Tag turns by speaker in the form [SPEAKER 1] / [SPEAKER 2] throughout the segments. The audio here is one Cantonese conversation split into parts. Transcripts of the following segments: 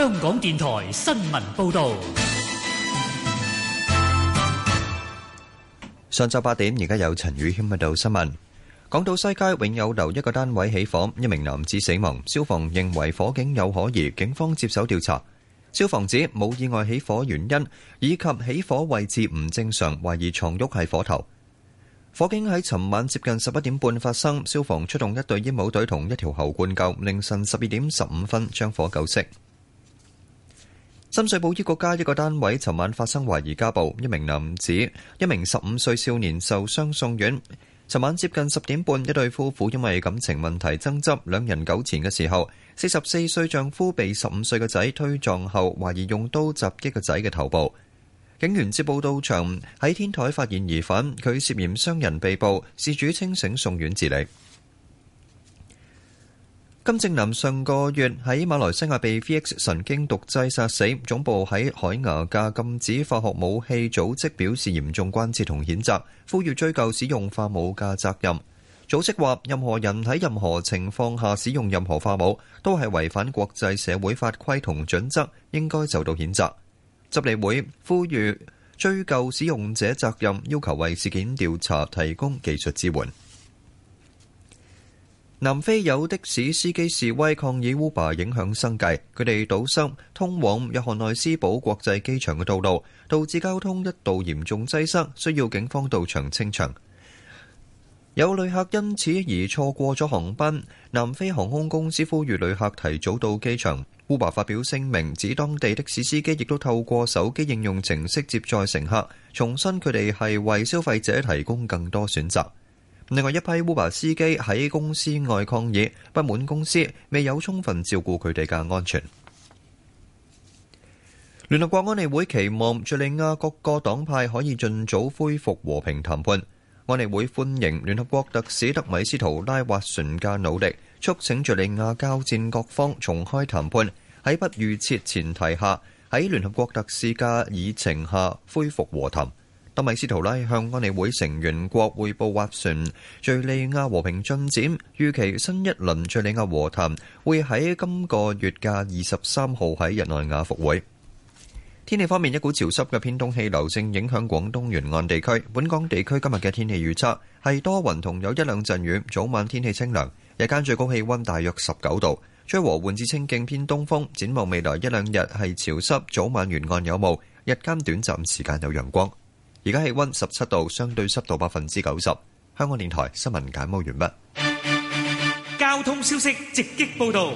[SPEAKER 1] 香港電臺新聞報道：上晝八點，而家有陳宇謙報道新聞。港島西街永友樓一個單位起火，一名男子死亡。消防認為火警有可疑，警方接手調查。消防指冇意外起火原因，以及起火位置唔正常，懷疑床褥係火頭。火警喺尋晚接近十一點半發生，消防出動一隊煙霧隊同一條喉灌救，凌晨十二點十五分將火救熄。深水埗一個家一個單位，尋晚發生懷疑家暴，一名男子一名十五歲少年受傷送院。尋晚接近十點半，一對夫婦因為感情問題爭執，兩人糾纏嘅時候，四十四歲丈夫被十五歲嘅仔推撞後，懷疑用刀襲擊個仔嘅頭部。警員接報到場喺天台發現疑犯，佢涉嫌傷人被捕，事主清醒送院治理。金正男上個月喺馬來西亞被 VX 神經毒劑殺死，總部喺海牙嘅禁止化學武器組織表示嚴重關切同譴責，呼籲追究使用化武嘅責任。組織話任何人喺任何情況下使用任何化武都係違反國際社會法規同準則，應該受到譴責。執理會呼籲追究使用者責任，要求為事件調查提供技術支援。南非有的士司機示威抗議 Uber 影響生計，佢哋堵塞通往約翰內斯堡國際機場嘅道路，導致交通一度嚴重擠塞，需要警方到場清場。有旅客因此而錯過咗航班。南非航空公司呼籲旅客提早到機場。Uber 發表聲明指，當地的士司機亦都透過手機應用程式接載乘客，重申佢哋係為消費者提供更多選擇。另外一批 Uber 司機喺公司外抗議，不滿公司未有充分照顧佢哋嘅安全。聯合國安理會期望敘利亞各個黨派可以盡早恢復和平談判。安理會歡迎聯合國特使德米斯圖拉或船嘅努力，促請敘利亞交戰各方重開談判，喺不預設前提下，喺聯合國特使嘅議程下恢復和談。米斯圖拉向安理會成員國匯報斡旋敘利亞和平進展，預期新一輪敘利亞和談會喺今個月嘅二十三號喺日內瓦復會。天氣方面，一股潮濕嘅偏東氣流正影響廣東沿岸地區。本港地區今日嘅天氣預測係多雲，同有一兩陣雨，早晚天氣清涼，日間最高氣溫大約十九度，吹和緩至清勁偏東風。展望未來一兩日係潮濕，早晚沿岸有霧，日間短暫時間有陽光。而家氣溫十七度，相對濕度百分之九十。香港電台新聞簡報完畢。
[SPEAKER 2] 交通消息直擊報道。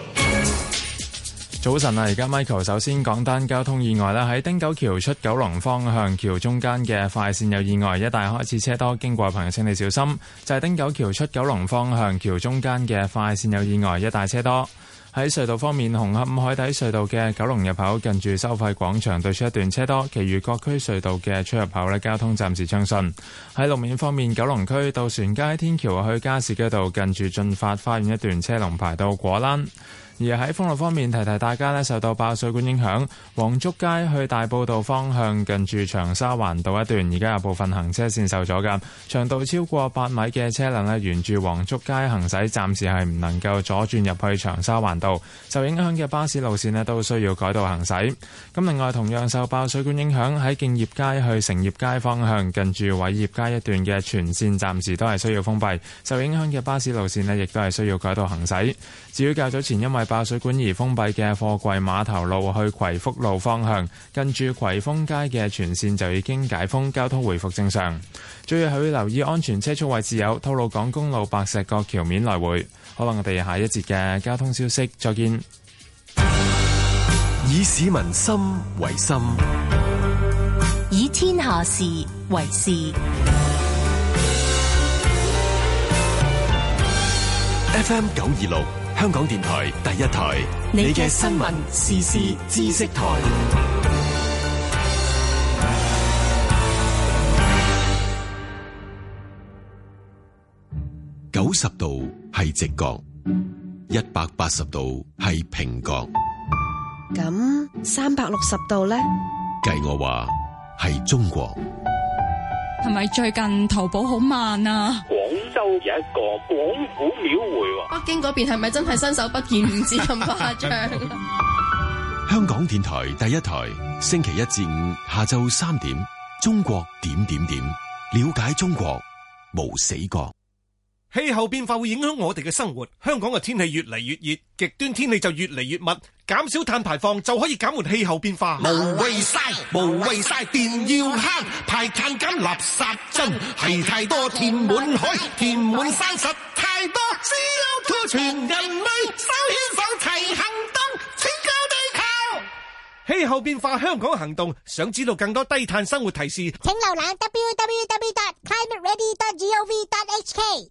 [SPEAKER 3] 早晨啊，而家 Michael 首先講單交通意外啦。喺汀九橋出九龍方向橋中間嘅快線有意外，一帶開始車多，經過嘅朋友請你小心。就係汀九橋出九龍方向橋中間嘅快線有意外，一帶車多。喺隧道方面，紅磡海底隧道嘅九龍入口近住收費廣場對出一段車多，其餘各區隧道嘅出入口咧交通暫時暢順。喺路面方面，九龍區渡船街天橋去加士居道近住駿發花園一段車龍排到果欄。而喺封路方面，提提大家咧，受到爆水管影響，黃竹街去大埔道方向近住長沙環道一段，而家有部分行車線受阻噶，長度超過八米嘅車輛咧，沿住黃竹街行駛，暫時係唔能夠左轉入去長沙環道。受影響嘅巴士路線咧，都需要改道行駛。咁另外，同樣受爆水管影響，喺敬業街去成業街方向近住偉業街一段嘅全線，暫時都係需要封閉。受影響嘅巴士路線咧，亦都係需要改道行駛。至於較早前因為爆水管而封閉嘅貨櫃碼頭路去葵福路方向，跟住葵豐街嘅全線就已經解封，交通回復正常。最要係要留意安全車速位置，有吐露港公路白石角橋面來回。可能我哋下一節嘅交通消息，再見。以市民心為心，
[SPEAKER 4] 以
[SPEAKER 5] 天下事為事。
[SPEAKER 1] FM 九二六。香港電台第一台，你嘅新聞時事知識台。九十度係直角，一百八十度係平角，
[SPEAKER 4] 咁三百六十度咧？
[SPEAKER 1] 計我話係中國。
[SPEAKER 4] 係咪最近淘寶好慢啊？
[SPEAKER 1] 廣州有一
[SPEAKER 2] 個廣府廟會喎、啊。
[SPEAKER 5] 北京嗰邊係咪真係伸手不見五指咁誇張？
[SPEAKER 3] 啊、
[SPEAKER 1] 香港電台第一台，星期一至五下晝三點，中國點點點，了解中國無死角。
[SPEAKER 2] 氣候變化會影響我哋嘅生活。香港嘅天氣越嚟越熱，極端天氣就越嚟越密。
[SPEAKER 1] 減少碳排放就可以減緩氣候變化。無謂晒，無謂晒，電要慳，排碳減垃圾真係太多，填滿海，填滿山，實太多。需要託全人類手牽手齊行動拯救地球。
[SPEAKER 4] 氣候變化，香港行動，想知道更多低碳生活提示，請瀏覽 w w w. dot climate ready. dot g o v. dot h k。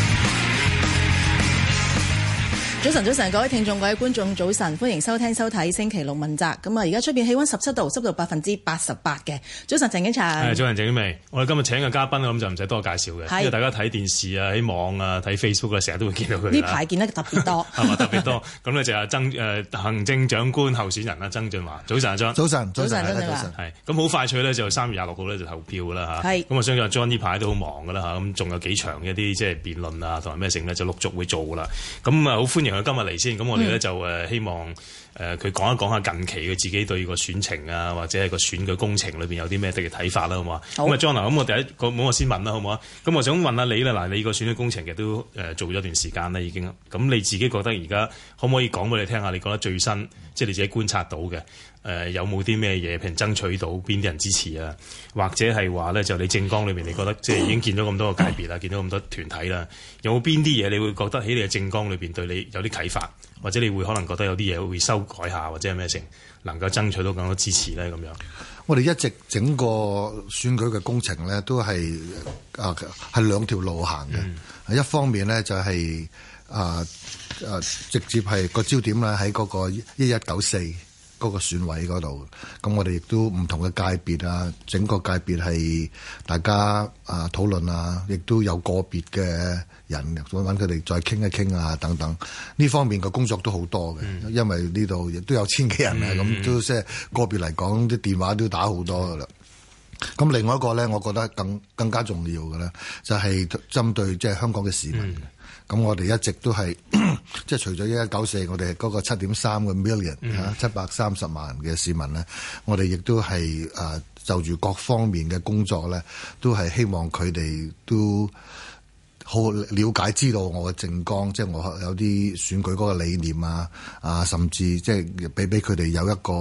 [SPEAKER 5] 早晨，早晨，各位聽眾、各位觀眾，早晨，歡迎收聽收睇《星期六問責》。咁啊，而家出邊氣温十七度，濕度百分之八十八嘅。早晨，陳景祥。早
[SPEAKER 2] 晨，鄭景明。我哋今日請嘅嘉賓，咁就唔使多介紹嘅，因為大家睇電視啊、喺網啊、睇 Facebook 啊，成日都會見到佢。呢排
[SPEAKER 5] 見得特別多。係
[SPEAKER 2] 嘛，特別多。咁咧就阿曾誒行政長官候選人啦，曾俊華。早晨，阿曾。早晨。早晨。早晨。早晨。係。咁好快脆咧，就三月廿六號咧就投票啦嚇。係。咁啊，相信阿 John 呢排都好忙噶啦嚇，咁仲有幾場一啲即係辯論啊，同埋咩成咧，就陸續會做噶啦。咁啊，好歡迎。今日嚟先，咁我哋咧就誒希望。誒佢、呃、講一講下近期佢自己對個選情啊，或者係個選舉工程裏邊有啲咩嘅睇法啦，好嘛？咁啊好，John 啊，咁我第一個，咁我先問啦，好唔好啊？咁我想問下你咧，嗱，你個選舉工程其實都誒做咗一段時間啦，已經。咁你自己覺得而家可唔可以講俾你聽下？你覺得最新，即、就、係、是、你自己觀察到嘅誒、呃，有冇啲咩嘢譬如爭取到邊啲人支持啊？或者係話咧，就你政綱裏面，你覺得即係、就是、已經見到咁多個界別啦， 見到咁多團體啦，有冇邊啲嘢你會覺得喺你嘅政綱裏邊對你有啲啟發？或者你會可能覺得有啲嘢會修改下，或者咩成能夠爭取到更多支持咧咁樣。我哋一
[SPEAKER 6] 直整個選舉嘅工程咧，都係啊係兩條路行嘅。嗯、一方面咧就係、係、啊啊直接係、個焦點咧喺嗰個一一九四，嗰個選委嗰度，咁我哋亦都唔同嘅界別啊，整個界別係大家啊、呃、討論啊，亦都有個別嘅人揾揾佢哋再傾一傾啊等等，呢方面嘅工作都好多嘅，嗯、因為呢度亦都有千幾人啊。咁、嗯，都即係個別嚟講啲電話都打好多㗎喇。咁另外一個咧，我覺得更更加重要嘅咧，就係針對即係香港嘅市民。嗯咁我哋一直都係， 即係除咗一一九四，我哋嗰個七點三個 million，吓七百三十萬嘅市民咧，我哋亦都係啊，就住各方面嘅工作咧，都係希望佢哋都好了解知道我嘅政綱，即係我有啲選舉嗰個理念啊，啊，甚至即係俾俾佢哋有一個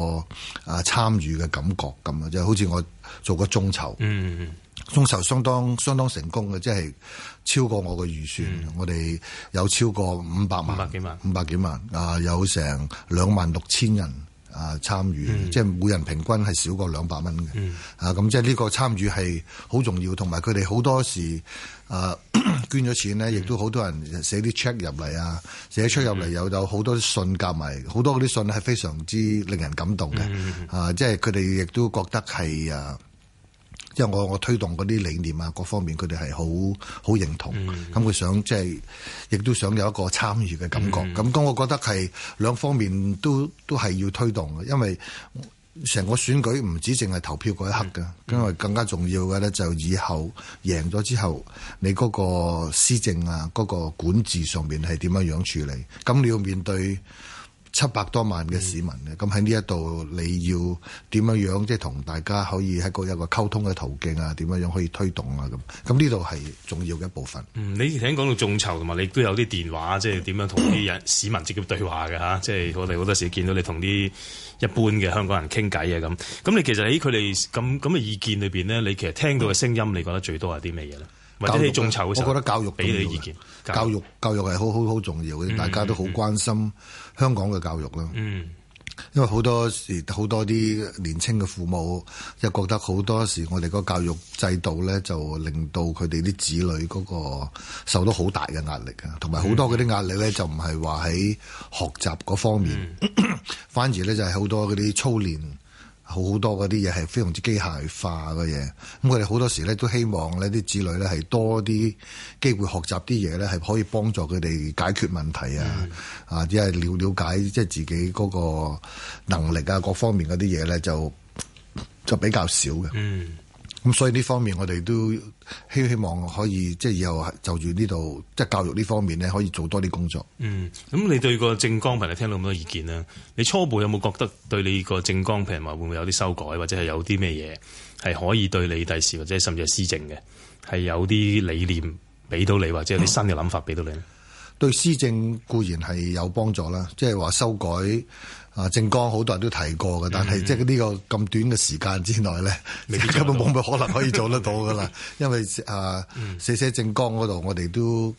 [SPEAKER 6] 啊參與嘅感覺咁啊，即係好似我做個眾籌，嗯，眾籌相當相當成功嘅，即係。超過我嘅預算，嗯、我哋有超過五百萬，五百幾萬，五百幾萬啊、呃！有成兩萬六千人啊、呃、參與，嗯、即係每人平均係少過兩百蚊嘅、嗯、啊！咁即係呢個參與係好重要，同埋佢哋好多時啊、呃、捐咗錢咧，亦、嗯、都好多人寫啲 check 入嚟啊，嗯、寫 check 入嚟有有好多啲信夾埋，好多啲信係非常之令人感動嘅、嗯嗯、啊！即係佢哋亦都覺得係啊。即係我我推動嗰啲理念啊，各方面佢哋係好好認同，咁佢、mm hmm. 想即係亦都想有一個參與嘅感覺。咁咁、mm，hmm. 我覺得係兩方面都都係要推動嘅，因為成個選舉唔止淨係投票嗰一刻嘅，因為、mm hmm. 更加重要嘅咧就以後贏咗之後，你嗰個施政啊，嗰、嗰個管治上面係點樣樣處理，咁你要面對。七百多萬嘅市民咧，咁喺呢一度你要點樣樣即係同大家可以喺個一個溝通嘅途徑啊？點樣樣可以推動啊？咁咁呢度係重要嘅一部分。嗯，
[SPEAKER 2] 你聽講到眾籌同埋你都有啲電話，即係點樣同啲人市民直接對話嘅吓。即係 我哋好多時見到你同啲一,一般嘅香港人傾偈啊，咁咁你其實喺佢哋咁咁嘅意見裏邊咧，你其實聽到嘅聲音，你覺得最多係啲咩嘢咧？教育，我覺得教育畀你重要意
[SPEAKER 6] 見。教育教育係好好好重要嘅，嗯、大家都好關心香港嘅教育咯。嗯，因為好多時好多啲年青嘅父母，即係覺得好多時我哋個教育制度咧，就令到佢哋啲子女嗰個受到好大嘅壓力嘅，同埋好多嗰啲壓力咧，就唔係話喺學習嗰方面，嗯、反而咧就係好多嗰啲操練。好好多嗰啲嘢係非常之機械化嘅嘢，咁佢哋好多時咧都希望呢啲子女咧係多啲機會學習啲嘢咧係可以幫助佢哋解決問題啊，嗯、啊，即係了了解即係自己嗰個能力啊各方面嗰啲嘢咧就就比較少嘅，嗯，咁所以呢方面我哋都。希希望可以即係以後就住呢度即係教育呢方面咧，可以做多啲工作。嗯，
[SPEAKER 2] 咁你對個政綱評係聽到咁多意見咧，你初步有冇覺得對你個政綱評話會唔會有啲修改，或者係有啲咩嘢係可以對你第時或者甚至係施政嘅，係有啲理念俾到你，或者有啲新嘅諗法俾到你咧、嗯？
[SPEAKER 6] 對施政固然係有幫助啦，即係話修改。啊！政綱好多人都提過嘅，但係即係呢個咁短嘅時間之內咧，嗯、 你根本冇乜可能可以做得到噶啦， 因為啊寫寫政綱嗰度，嗯、我哋都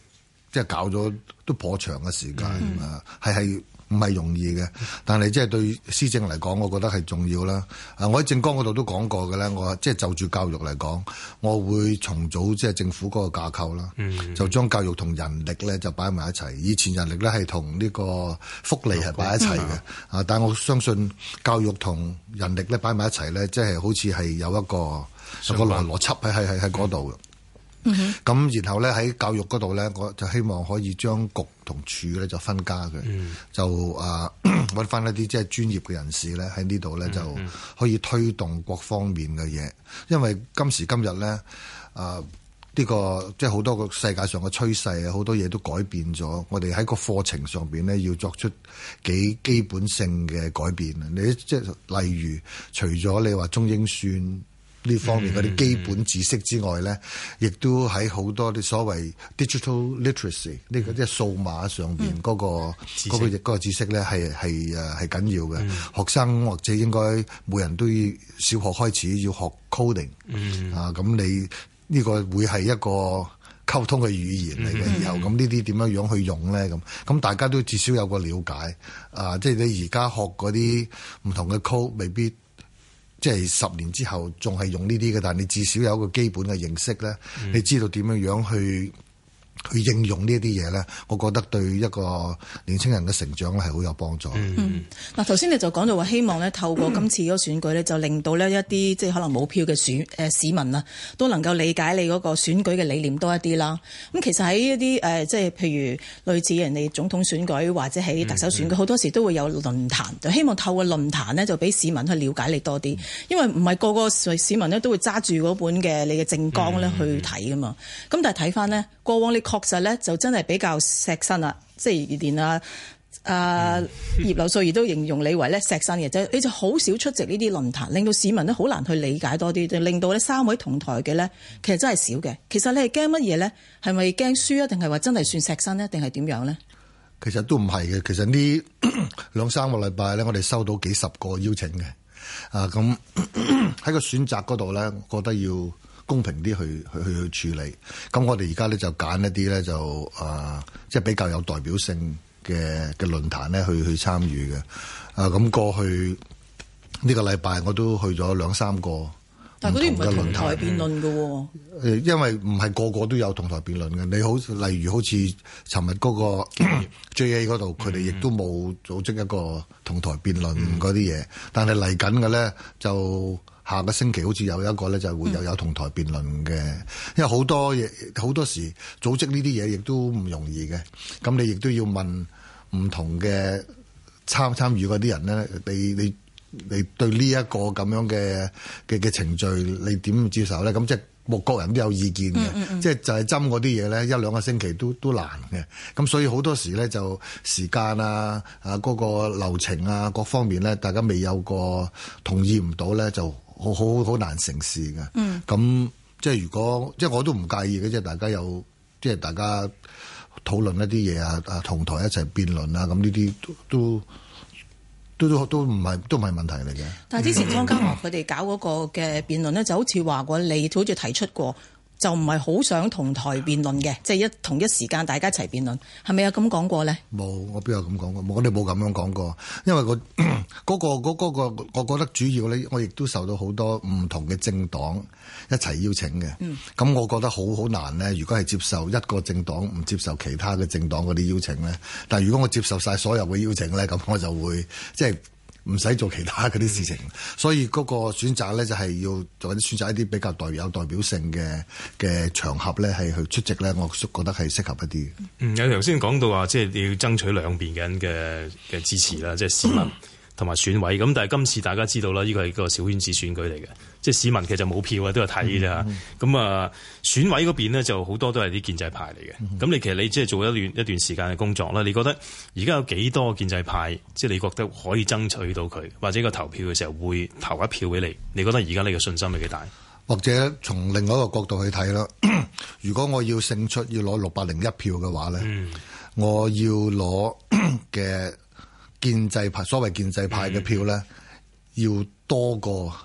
[SPEAKER 6] 即係、就是、搞咗都頗長嘅時間啊，係係、嗯。是是。唔係容易嘅，但係即係對施政嚟講，我覺得係重要啦。啊，我喺政綱嗰度都講過嘅咧，我即係就住、是、教育嚟講，我會重組即係政府嗰個架構啦，mm
[SPEAKER 2] hmm. 就
[SPEAKER 6] 將教育同人力咧就擺埋一齊。以前人力咧係同呢個福利係擺一齊嘅、okay. mm hmm. 啊，但我相信教育同人力咧擺埋一齊咧，即、就、係、是、好似係有一個有一個邏邏輯喺喺喺喺嗰度。咁，mm hmm. 然後咧喺教育嗰度咧，我就希望可以將局同處咧就分家佢，mm hmm. 就啊搵返一啲即係專業嘅人士咧喺呢度咧就可以推動各方面嘅嘢。因為今時今日咧，啊、這、呢個即係好多個世界上嘅趨勢啊，好多嘢都改變咗。我哋喺個課程上邊咧要作出幾基本性嘅改變。你即係例如，除咗你話中英算。呢方面啲基本知識之外咧，亦、嗯、都喺好多啲所謂 digital literacy 呢個即係數碼上邊個個、嗰個知識咧，係係誒係緊要嘅。嗯、學生或者應該每人都要小學開始要學 coding、嗯、啊，咁你呢、呢個會係一個溝通嘅語言嚟嘅。以、嗯、後咁呢啲點樣樣去用咧？咁咁、嗯、大家都至少有個了解啊。即係你而家學啲唔同嘅 code 未必。即係十年之後仲係用呢啲嘅，但係你至少有個基本嘅認識咧，你知道點樣樣去。去應用呢一啲嘢咧，我覺得對一個年輕人嘅成長咧係好有幫助。嗯，
[SPEAKER 5] 嗱頭先你就講到話希望咧透過今次嗰個選舉咧，嗯、就令到呢一啲即係可能冇票嘅選誒、呃、市民啊，都能夠理解你嗰個選舉嘅理念多一啲啦。咁、嗯、其實喺一啲誒即係譬如類似人哋總統選舉或者喺特首選舉，好、嗯、多時都會有論壇，就希望透過論壇呢，就俾市民去了解你多啲，嗯、因為唔係個個市民呢都會揸住嗰本嘅你嘅政綱咧去睇噶嘛。咁、嗯、但係睇翻呢。過往你確實咧就真係比較錫身啦，即係連啊啊 葉劉淑儀都形容你為咧錫身嘅，就你就好少出席呢啲論壇，令到市民都好難去理解多啲，就令到咧三位同台嘅咧其實真係少嘅。其實你係驚乜嘢咧？係咪驚輸啊？定係話真係算錫身咧？定係點樣咧？
[SPEAKER 6] 其實都唔係嘅。其實呢兩三個禮拜咧，我哋收到幾十個邀請嘅啊。咁喺個選擇嗰度咧，我覺得要公平啲去去去去處理，咁我哋而家咧就揀一啲咧就啊、呃，即係比較有代表性嘅嘅論壇咧去去參與嘅。啊、呃，咁過去呢個禮拜我都去咗兩三個，
[SPEAKER 5] 但係嗰啲唔係論壇同台辯論
[SPEAKER 6] 嘅喎、哦。因為唔係個個都有同台辯論嘅。你好，例如好似尋日嗰個 JA 嗰度，佢哋亦都冇組織一個同台辯論嗰啲嘢。但係嚟緊嘅咧就。下個星期好似有一個咧，就會又有同台辯論嘅，嗯、因為好多嘢好多時組織呢啲嘢亦都唔容易嘅，咁你亦都要問唔同嘅參參與嗰啲人咧，你你你對呢一個咁樣嘅嘅嘅程序，你點接受咧？咁即係各各人都有意見嘅，嗯嗯嗯即係就係針嗰啲嘢咧，一兩個星期都都難嘅，咁所以好多時咧就時間啊啊嗰、嗰個流程啊各方面咧，大家未有個同意唔到咧就。好好好難成事嘅，咁、嗯、即係如果即係我都唔介意嘅，即係大家有即係大家討論一啲嘢啊，啊同台一齊辯論啊，咁呢啲都都都都唔係都唔係問題嚟嘅。但係之前湯
[SPEAKER 5] 家驊佢哋搞嗰個嘅辯論咧，就好似話過你，好似提出過。就唔係好想同台辯論嘅，即係一同一時間大家一齊辯論，係咪有咁講過呢？
[SPEAKER 6] 冇，我邊有咁講過？我哋冇咁樣講過，因為、 嗰個、嗰個、我覺得主要呢，我亦都受到好多唔同嘅政黨一齊邀請嘅。咁、嗯、我覺得好好難呢，如果係接受一個政黨唔接受其他嘅政黨嗰啲邀請呢。但係如果我接受晒所有嘅邀請呢，咁我就會即係。唔使做其他嗰啲事情，嗯、所以嗰個選擇咧就係、是、要揾啲選擇一啲比較代有代表性嘅嘅場合咧，係去出席咧，我叔覺得係適合一啲。嗯，
[SPEAKER 2] 有頭先講到話，即係要爭取兩邊嘅人嘅嘅支持啦，即係市民。就是嗯同埋選委咁，但係今次大家知道啦，呢個係個小圈子選舉嚟嘅，即係市民其實冇票啊，都係睇啫嚇。咁啊、嗯嗯，選委嗰邊咧就好多都係啲建制派嚟嘅。咁、嗯、你其實你即係做一段一段時間嘅工作啦，你覺得而家有幾多建制派，即係你覺得可以爭取到佢，或者個投票嘅時候會投一票俾你？你覺得而家你嘅信心係幾大？
[SPEAKER 6] 或者從另一個角度去睇啦， 如果我要勝出要，要攞六百零一票嘅話咧，我要攞嘅。 建制派所謂建制派嘅票咧，mm. 要多過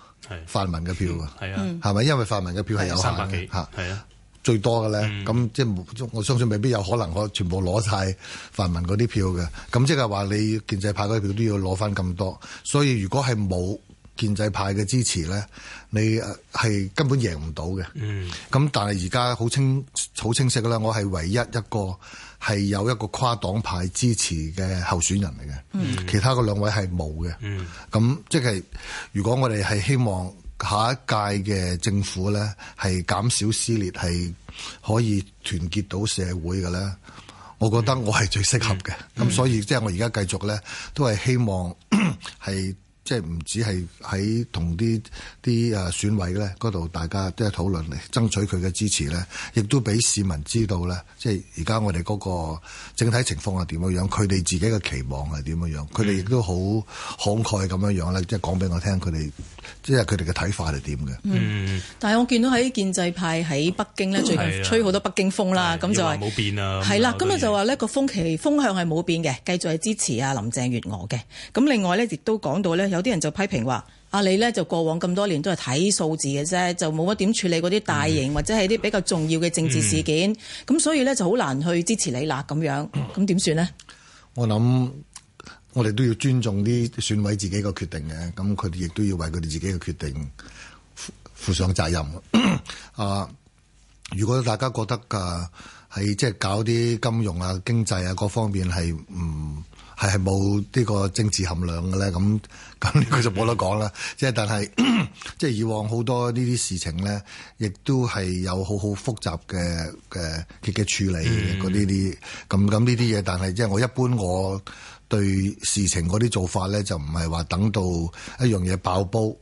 [SPEAKER 6] 泛民嘅票啊！係啊、mm.，係咪因為泛民嘅票係有限嘅吓？係啊，三百幾，最多嘅咧，咁、mm. 即係我相信未必有可能我全部攞晒泛民嗰啲票嘅，咁即係話你建制派嗰啲票都要攞翻咁多，所以如果係冇建制派嘅支持咧，你係根本贏唔到嘅。嗯、mm.，咁但係而家好清好清晰嘅啦，我係唯一一個。係有一個跨黨派支持嘅候選人嚟嘅，嗯、其他嗰兩位係冇嘅。咁、嗯、即係如果我哋係希望下一屆嘅政府呢係減少撕裂，係可以團結到社會嘅呢，我覺得我係最適合嘅。咁、嗯、所以、嗯、即係我而家繼續呢，都係希望係。 即係唔止係喺同啲啲誒選委咧嗰度，大家都係討論嚟爭取佢嘅支持咧，亦都俾市民知道咧，即係而家我哋嗰個整體情況係點樣樣，佢哋自己嘅期望係點樣樣，佢哋亦都好慷慨咁樣樣咧，即係講俾我聽，佢哋即係佢哋嘅睇法係點嘅。嗯。
[SPEAKER 5] 但係我見到喺建制派喺北京呢，的最近吹好多北京風啦，咁的就係、是、冇
[SPEAKER 2] 變啦、啊，係啦的，咁啊
[SPEAKER 5] 就話呢個風期風向係冇變嘅，繼續係支持阿林鄭月娥嘅。咁另外呢，亦都講到呢，有啲人就批評話阿你呢，就過往咁多年都係睇數字嘅啫，就冇乜點處理嗰啲大型、嗯、或者係啲比較重要嘅政治事件，咁、嗯嗯、所以呢，就好難去支持你啦咁樣，咁點算呢？
[SPEAKER 6] 我諗我哋都要尊重啲選委自己個決定嘅，咁佢哋亦都要為佢哋自己嘅決定。負上責任啊！如果大家覺得啊，係即係搞啲金融啊、經濟啊各方面係唔係係冇呢個政治含量嘅咧，咁咁呢個就冇得講啦。即係但係，即係、嗯 就係、以往好多呢啲事情咧，亦都係有好好複雜嘅嘅嘅處理呢啲啲。咁咁呢啲嘢，但係即係我一般我。對事情嗰啲做法咧，就唔係話等到一樣嘢爆煲，咁，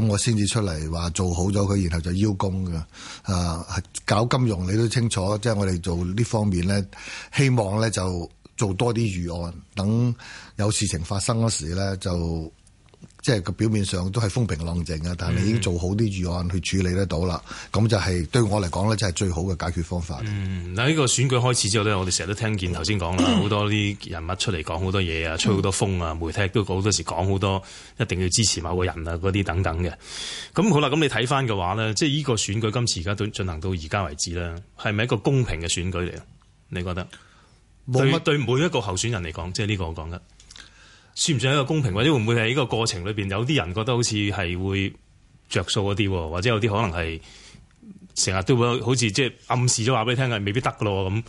[SPEAKER 6] 嗯，我先至出嚟話做好咗佢，然後就邀功嘅。啊，搞金融你都清楚，即係我哋做呢方面咧，希望咧就做多啲預案，等有事情發生嗰時咧就。即係個表面上都係風平浪靜啊，但係你已經做好啲預案去處理得到啦。咁、嗯、就係對我嚟講咧，就係、是、最好嘅解決方法。嗯，
[SPEAKER 2] 嗱，呢個選舉開始之後咧，我哋成日都聽見頭先講啦，好 多啲人物出嚟講好多嘢啊，吹好多風啊，嗯、媒體都好多時講好多，一定要支持某個人啊，嗰啲等等嘅。咁好啦，咁你睇翻嘅話咧，即係呢個選舉今次而家都進行到而家為止啦，係咪一個公平嘅選舉嚟？你覺得冇乜什對，對每一個候選人嚟講，即係呢個我講得。算唔算係一個公平，或者會唔會係喺呢個過程裏邊有啲人覺得好似係會着數嗰啲，或者有啲可能係成日都會好似即係暗示咗話俾你聽，係未必得噶咯咁。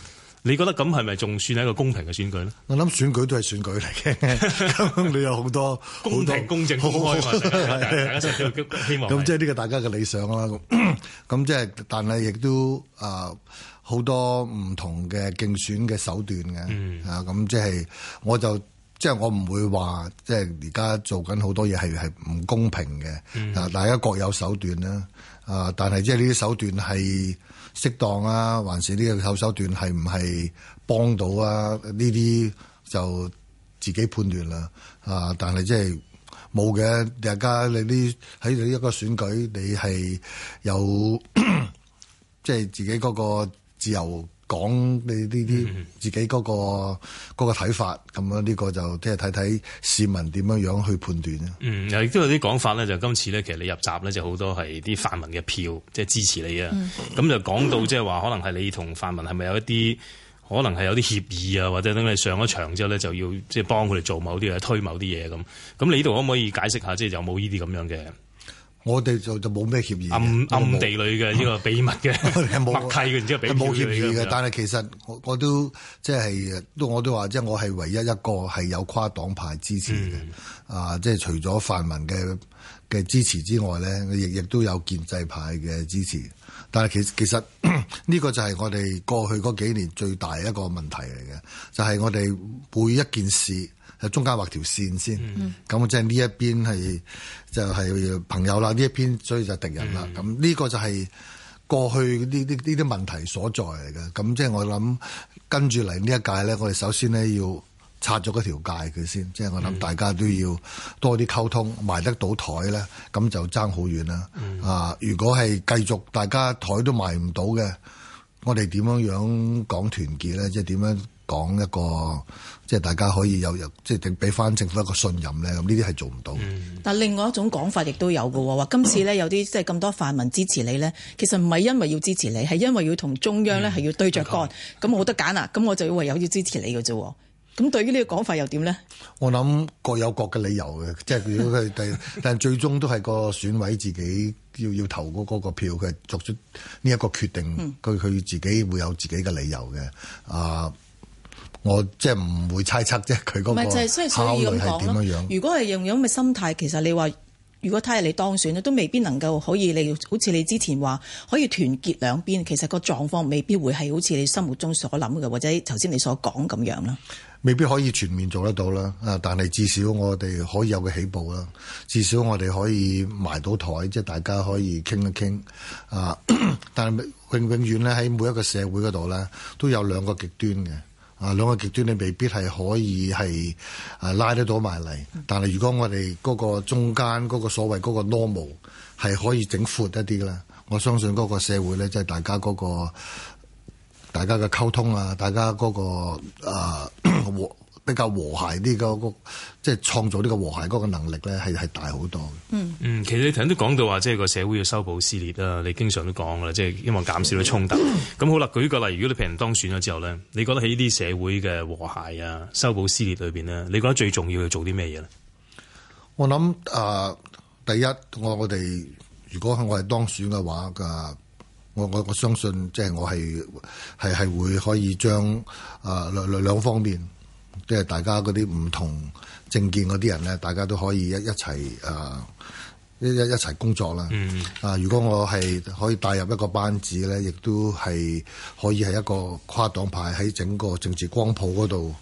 [SPEAKER 2] 你覺得咁係咪仲算係一個公平嘅選舉咧？
[SPEAKER 6] 我諗選舉都係選舉嚟嘅，你有好多公平公正公開嘛，大家就希望咁即係呢個大家嘅理想啦。咁咁即係，但係亦都啊，好多唔同嘅競選嘅手段嘅啊，咁即係我就。即係我唔會話，即係而家做緊好多嘢係係唔公平嘅。嗱、嗯，大家各有手段啦。啊，但係即係呢啲手段係適當啊，還是呢個手手段係唔係幫到啊？呢啲就自己判斷啦。啊，但係即係冇嘅。大家你啲喺一個選舉，你係有即係、 即係、自己嗰個自由。講你呢啲自己嗰個嗰個睇法，咁啊呢個就即係睇睇市民點樣樣去判斷啦。
[SPEAKER 2] 嗯，亦都有啲講法咧，就今次咧，其實你入閘咧就好多係啲泛民嘅票，即係支持你啊。咁就講到即係話，可能係你同泛民係咪有一啲可能係有啲協議啊，或者等你上咗場之後咧，就要即係幫佢哋做某啲嘢，推某啲嘢咁。咁你呢度可唔可以解釋下，即係有冇呢啲咁樣嘅？
[SPEAKER 6] 我哋就就冇咩協議暗，暗暗地裏嘅呢個秘密嘅默、嗯、契嘅，然之
[SPEAKER 2] 後俾冇協議嘅， 但係
[SPEAKER 6] 其實我我都即係，到、就是、我都話，即、就、係、是、我係唯一一個係有跨黨派支持嘅。嗯、啊，即、就、係、是、除咗泛民嘅嘅支持之外咧，亦亦都有建制派嘅支持。但係其其實呢、這個就係我哋過去嗰幾年最大一個問題嚟嘅，就係、是、我哋每一件事。喺中間畫條線先，咁、嗯、即係呢一邊係就係、是、朋友啦，呢一邊所以就敵人啦。咁呢、嗯、個就係過去呢啲呢啲問題所在嚟嘅。咁即係我諗跟住嚟呢一屆咧，我哋首先咧要拆咗嗰條界佢先。即係我諗大家都要多啲溝通，埋得到台咧，咁就爭好遠啦。嗯、啊，如果係繼續大家台都埋唔到嘅，我哋點樣樣講團結咧？即係點樣？講一個即係大家可以有有即係俾翻政府一個信任咧，咁呢啲係做唔到。嗯、
[SPEAKER 5] 但另外一種講法亦都有嘅喎，話今次咧有啲即係咁多泛民支持你咧，其實唔係因為要支持你，係因為要同中央咧係要對着幹。咁、嗯嗯、冇得揀啦、啊，咁我就唯有要支持你嘅啫。咁對於呢個講法又點咧？我諗各
[SPEAKER 6] 有各嘅理由嘅，即係如佢但係最終都係個選委自己要要投嗰個票，佢作出呢一個決定，佢佢、嗯、自己會有自己嘅理由嘅啊。呃我即係唔會猜測啫，佢嗰個考慮係點樣
[SPEAKER 5] 樣，就是。如果係用咁嘅心態，其實你話如果他日你當選咧，都未必能夠可以，你好似你之前話可以團結兩邊，其實個狀況未必會係好似你心目中所諗嘅，或者頭先你所講咁樣啦。
[SPEAKER 6] 未必可以全面做得到啦，啊！但係至少我哋可以有個起步啦，至少我哋可以埋到台，即係大家可以傾一傾啊！ 但係永永遠咧喺每一個社會嗰度咧，都有兩個極端嘅。啊！兩個極端你未必係可以係啊拉得到埋嚟，但係如果我哋嗰個中間嗰個所謂嗰個 normal 係可以整闊一啲嘅咧，我相信嗰個社會咧，即係大家嗰、嗰個大家嘅溝通啊，大家嗰、嗰個啊 比較和諧呢個即係創造呢個和諧嗰個能力咧，係係大好多嘅。嗯，
[SPEAKER 2] 其實你頭先都講到話，即係個社會要修補撕裂啦。你經常都講噶啦，即係因為減少咗衝突。咁、嗯、好啦，舉個例，如果你俾人當選咗之後咧，你覺得喺呢啲社會嘅和諧啊、修補撕裂裏邊咧，你覺得最重要要做啲咩嘢
[SPEAKER 6] 咧？我諗誒、呃，第一，我我哋如果我係當選嘅話嘅，我我我相信即係我係係係會可以將誒兩兩方面。即係大家嗰啲唔同政見嗰啲人呢，大家都可以一一齊啊一一一齊工作啦。啊，如果我係可以帶入一個班子呢，亦都係可以係一個跨黨派喺整個政治光譜嗰度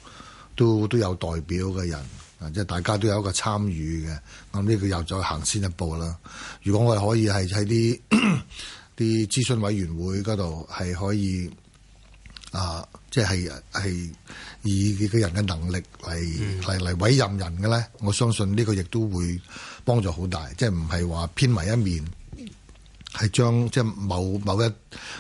[SPEAKER 6] 都都有代表嘅人啊，即係大家都有一個參與嘅。咁啊呢個又再行先一步啦。如果我哋可以係喺啲啲諮詢委員會嗰度係可以啊。即係係以佢個人嘅能力嚟嚟嚟委任人嘅咧，我相信呢個亦都會幫助好大。即係唔係話偏埋一面，係將即係某某一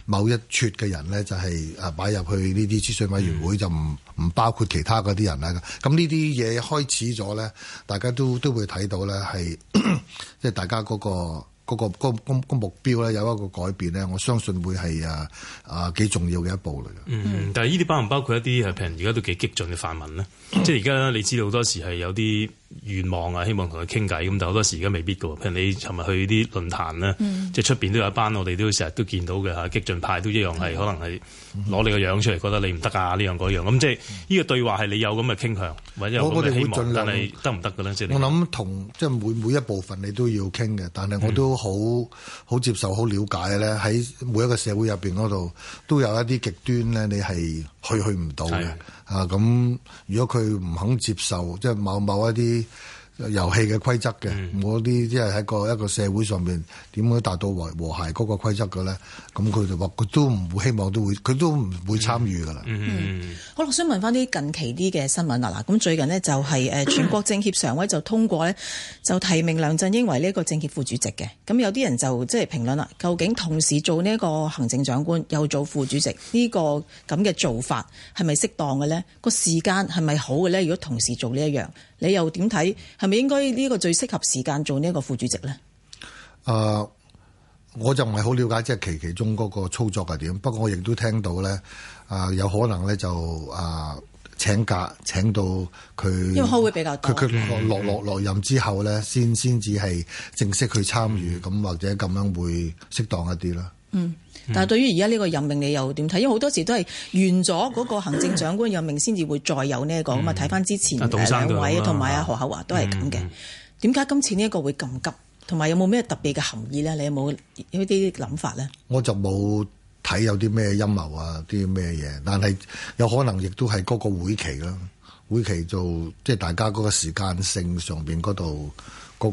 [SPEAKER 6] 某一撮嘅人咧，就係、是、啊擺入去呢啲諮詢委員會，嗯、就唔唔包括其他嗰啲人啦。咁呢啲嘢開始咗咧，大家都都會睇到咧，係即係大家嗰、嗰個。嗰個個個目標咧，有一個改變咧，我相信會係啊啊幾重要嘅一步嚟嘅。
[SPEAKER 2] 嗯，但係呢啲包唔包括一啲誒譬如而家都幾激進嘅泛民咧？ 即係而家你知道好多時係有啲。願望啊，希望同佢傾偈咁，但好多時而家未必噶。譬如你尋日去啲論壇咧，嗯、即係出邊都有一班，我哋都成日都見到嘅嚇激進派都一樣係、嗯、可能係攞你個樣出嚟，覺得你唔得啊呢樣嗰樣。咁、嗯、即係呢、嗯、個對話係你有咁嘅傾向，或者有咁嘅希望，但係得唔得嘅啦？即係我諗
[SPEAKER 6] 同即係每每一部分你都要傾嘅，但係我都好好接受、好了解咧。喺每一個社會入邊嗰度都有一啲極端咧，你係去去唔到嘅。的啊咁，如果佢唔肯接受，即係某某一啲。遊戲嘅規則嘅，我啲即係喺個一個社會上面點會達到和和諧嗰個規則嘅咧？咁佢就話佢都唔會希望都會佢都唔會參與噶啦。嗯嗯嗯。
[SPEAKER 5] 嗯好啦，想問翻啲近期啲嘅新聞啦嗱。咁最近呢就係誒全國政協常委就通過呢，就提名梁振英為呢一個政協副主席嘅。咁有啲人就即係評論啦，究竟同時做呢一個行政長官又做副主席呢個咁嘅做法係咪適當嘅咧？個時間係咪好嘅咧？如果同時做呢一樣？你又點睇？係咪應該呢個最適合時間做呢一個副主席咧？
[SPEAKER 6] 誒、呃，我就唔係好了解，即係其其中嗰個操作係點。不過我亦都聽到咧，啊、呃，有可能咧就啊、呃、請假請到佢，因為開會比較多。佢佢落落落，落任之後咧，先先至係正式去參與，咁或者咁樣會適當一啲啦。嗯。
[SPEAKER 5] 但係對於而家呢個任命你又點睇？因為好多時都係完咗嗰個行政長官任命先至會再有呢、這、一個咁啊，睇翻、嗯、之前兩位同埋阿何厚華都係咁嘅。點解、嗯、今次呢一個會咁急？同埋有冇咩特別嘅含義咧？你有冇呢啲諗法咧？
[SPEAKER 6] 我就冇睇有啲咩陰謀啊，啲咩嘢？但係有可能亦都係嗰個會期咯，會期就即係、就是、大家嗰個時間性上邊嗰度嗰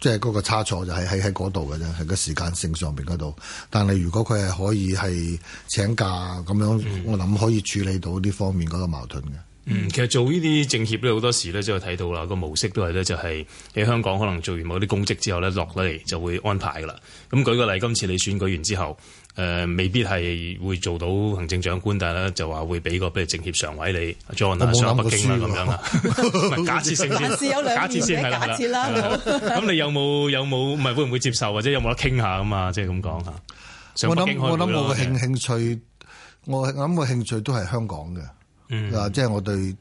[SPEAKER 6] 即係嗰個差錯就係喺喺嗰度嘅啫，喺個時間性上邊嗰度。但係如果佢係可以係請假咁樣，我諗可以處理到呢方面嗰個矛盾嘅。嗯，
[SPEAKER 2] 其實做呢啲政協咧，好多時咧，即係睇到啦，個模式都係咧，就係喺香港可能做完某啲公職之後咧，落嚟就會安排噶啦。咁舉個例，今次你選舉完之後。誒、呃、未必係會做到行政長官，但係咧就話會俾個譬如政協常委你 join 啊上北京啦咁樣啦，唔係假設性先，假設先係啦。咁你有冇有冇唔係會唔會接受，或者有冇得傾下咁啊？即係咁講嚇。上北京開會，我諗我嘅我興
[SPEAKER 6] 趣，實我我諗我興趣都係香港嘅，
[SPEAKER 3] 嗯、
[SPEAKER 6] 即係我對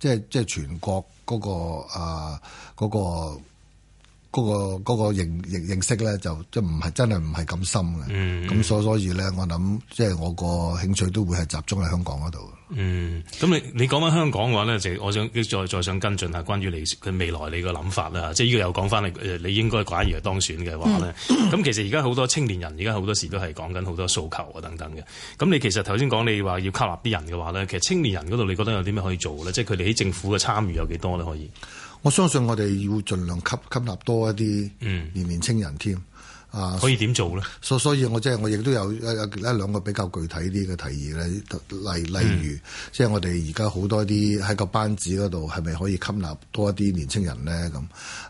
[SPEAKER 6] 即係即係全國嗰、即係、啊嗰、嗯嗰個。嗰個嗰個認認認識咧，就即唔係真係唔係咁深嘅。咁所、嗯、所以咧，我諗即係我個興趣都會係集中喺香港嗰度。
[SPEAKER 2] 嗯，咁你你講翻香港嘅話咧，就我想我再再想跟進下關於你嘅未來你嘅諗法啦。即係呢個又講翻你誒，你應該假如當選嘅話咧，咁、嗯、其實而家好多青年人，而家好多時都係講緊好多訴求啊等等嘅。咁你其實頭先講你話要吸納啲人嘅話咧，其實青年人嗰度你覺得有啲咩可以做咧？即係佢哋喺政府嘅參與有幾多咧？可以？
[SPEAKER 6] 我相信我哋要儘量吸吸納多一啲年年青人添，嗯、啊可以點做咧？所所以，所以我即係我亦都有一、一、一兩個比較具體啲嘅提議咧。例例如，嗯、即係我哋而家好多啲喺個班子嗰度，係咪可以吸納多一啲年青人咧？咁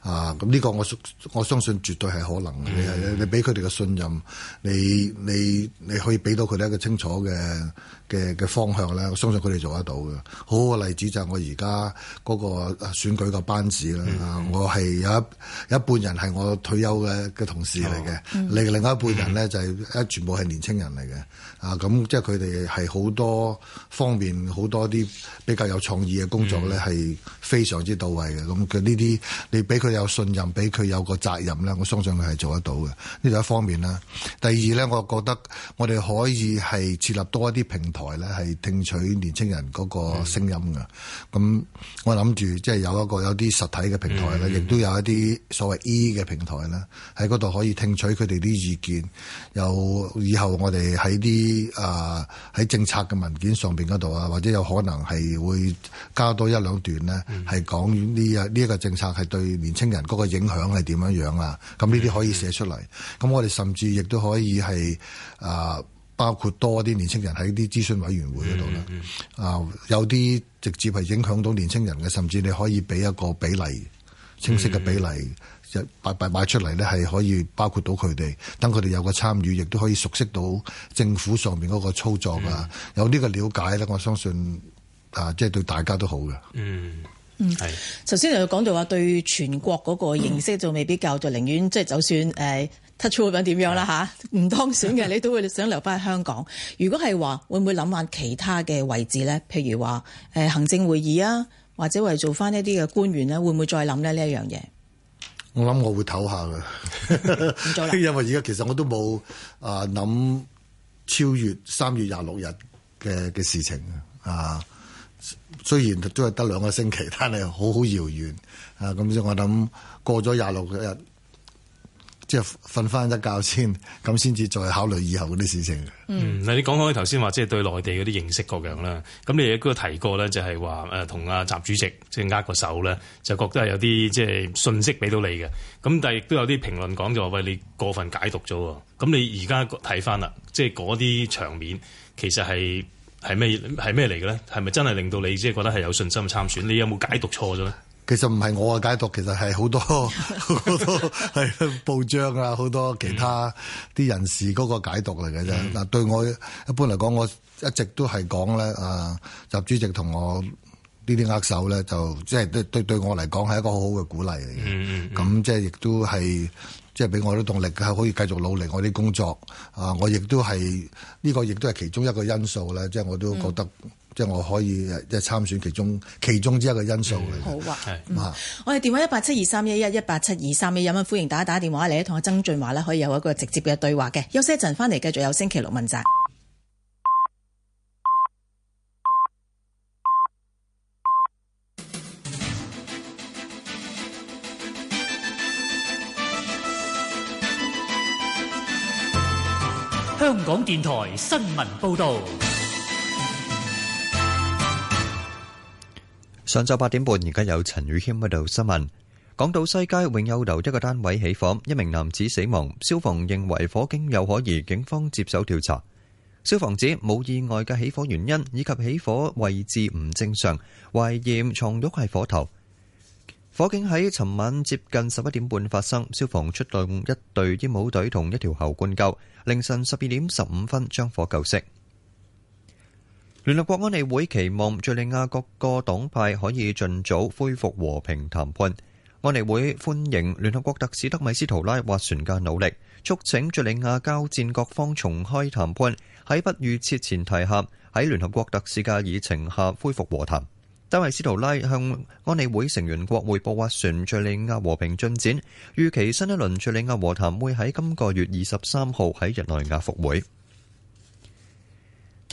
[SPEAKER 6] 啊，咁呢個我我相信絕對係可能嘅、嗯。你你俾佢哋嘅信任，你你你，你可以俾到佢哋一個清楚嘅嘅嘅方向咧，我相信佢哋做得到嘅。好好嘅例子就係我而家個選舉個班子啦，mm hmm. 我係有一一半人係我退休嘅嘅同事嚟嘅，mm hmm. 另另外一半人咧就係、是、一全部係年青人嚟嘅。Mm hmm. 啊，咁即係佢哋係好多方面好多啲比較有創意嘅工作咧，係、mm hmm. 非常之到位嘅。咁佢呢啲你俾佢有信任，俾佢有個責任咧，我相信佢係做得到嘅。呢就一方面啦。第二咧，我覺得我哋可以係設立多一啲平台。台咧係聽取年青人嗰個聲音嘅，咁、嗯、我諗住即係有一個有啲實體嘅平台啦，亦都、嗯、有一啲所謂 E 嘅平台啦，喺嗰度可以聽取佢哋啲意見。有以後我哋喺啲誒喺政策嘅文件上邊嗰度啊，或者有可能係會加多一兩段咧，係講呢一呢一個政策係對年青人嗰個影響係點樣樣啊？咁呢啲可以寫出嚟。咁、嗯嗯、我哋甚至亦都可以係誒。呃包括多啲年青人喺啲諮詢委員會嗰度啦，嗯嗯、啊有啲直接係影響到年青人嘅，甚至你可以俾一個比例，清晰嘅比例，白白擺出嚟咧，係可以包括到佢哋，等佢哋有個參與，亦都可以熟悉到政府上面嗰個操作、嗯、啊，有呢個了解咧，我相信啊，即、就、係、是、對大家都好嘅。嗯嗯，
[SPEAKER 5] 係的。頭先又講到話對全國嗰個認識就未必夠，就寧、是、願即係就算誒。呃突出物品點樣啦吓？唔的當選嘅你都會想留翻喺香港。的如果係話，會唔會諗翻其他嘅位置咧？譬如話誒、呃，行政會議啊，或者為做翻一啲嘅官員咧，會唔會再諗咧呢一樣嘢？
[SPEAKER 6] 我諗我會唞下噶， 了唔做啦。因為而家其實我都冇啊諗超越三月廿六日嘅嘅事情啊。雖然都係得兩個星期，但係好好遙遠啊。咁所以我諗過咗廿六日。即係瞓翻一覺先，咁先至再考慮以後嗰啲事情。嗯，
[SPEAKER 2] 嗱，你講講你頭先話，即係對內地嗰啲認識各樣啦。咁你亦都提過咧，就係話誒同阿習主席即係握個手咧，就覺得係有啲即係信息俾到你嘅。咁但係亦都有啲評論講就話喂，你過分解讀咗。咁你而家睇翻啦，即係嗰啲場面，其實係係咩係咩嚟嘅咧？係咪真係令到你即係覺得係有信心參選？你有冇解讀錯咗咧？
[SPEAKER 6] 其實唔係我嘅解讀，其實係好多好多係報章啊，好多其他啲人士嗰個解讀嚟嘅啫。嗱、嗯，對我一般嚟講，我一直都係講咧啊，習主席同我呢啲握手咧，就即係、就是、對對對我嚟講係一個好好嘅鼓勵嚟嘅。咁、嗯嗯、即係亦都係即係俾我啲動力，係可以繼續努力我啲工作。啊、呃，我亦都係呢個亦都係其中一個因素咧，即係我都覺得。嗯即係我可以即係參選其中其中之一嘅因素。好啊，嗯，
[SPEAKER 5] 我哋電話一八七二三一一一八七二三一，一。啊，歡迎大家打打電話嚟同阿曾俊華咧，可以有一個直接嘅對話嘅。休息一陣，翻嚟繼續有星期六問責。
[SPEAKER 1] 香港電台新聞報導。上晝八點半，而家有陳宇謙報道新聞。港島西街永友樓一個單位起火，一名男子死亡。消防認為火警有可疑，警方接手調查。消防指冇意外嘅起火原因，以及起火位置唔正常，懷疑床褥係火頭。火警喺尋晚接近十一點半發生，消防出動一隊煙霧隊同一條喉灌救，凌晨十二點十五分將火救熄。聯合國安理會期望敍利亞各個黨派可以盡早恢復和平談判。安理會歡迎聯合國特使德米斯圖拉斡旋嘅努力，促請敍利亞交戰各方重開談判，喺不預設前提下，喺聯合國特使嘅議程下恢復和談。德米斯圖拉向安理會成員國匯報斡旋敍利亞和平進展，預期新一輪敍利亞和談會喺今個月二十三號喺日內亞復會。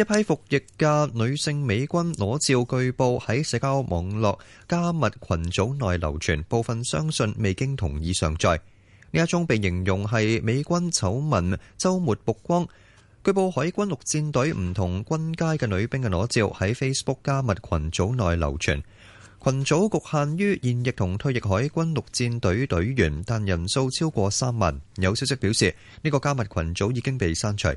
[SPEAKER 1] 一批服役嘅女性美軍裸照據報喺社交網絡加密群組內流傳，部分相信未經同意上載。呢一宗被形容係美軍醜聞周末曝光，據報海軍陸戰隊唔同軍階嘅女兵嘅裸照喺 Facebook 加密群組內流傳，群組局限於現役同退役海軍陸戰隊隊員，但人數超過三萬。有消息表示，呢個加密群組已經被刪除。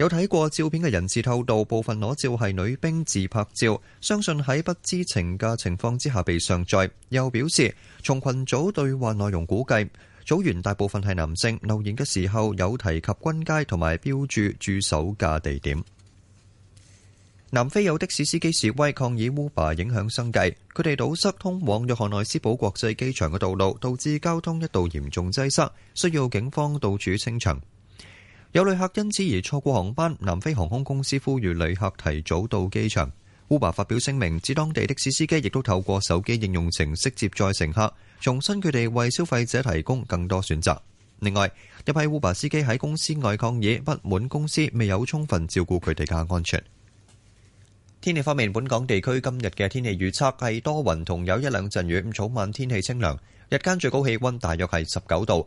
[SPEAKER 1] 有睇過照片嘅人士透露，部分裸照係女兵自拍照，相信喺不知情嘅情況之下被上載。又表示，從群組對話內容估計，組員大部分係男性，留言嘅時候有提及軍階同埋標註駐守嘅地點。南非有的士司機示威抗議 Uber 影響生計，佢哋堵塞通往約翰內斯堡國際機場嘅道路，導致交通一度嚴重擠塞，需要警方到處清場。有旅客因此而錯過航班，南非航空公司呼籲旅客提早到機場。Uber 發表聲明指，當地的士司機亦都透過手機應用程式接載乘客，重申佢哋為消費者提供更多選擇。另外，一批 Uber 司機喺公司外抗議，不滿公司未有充分照顧佢哋嘅安全。天氣方面，本港地區今日嘅天氣預測係多雲，同有一兩陣雨。早晚天氣清涼，日間最高氣温大約係十九度。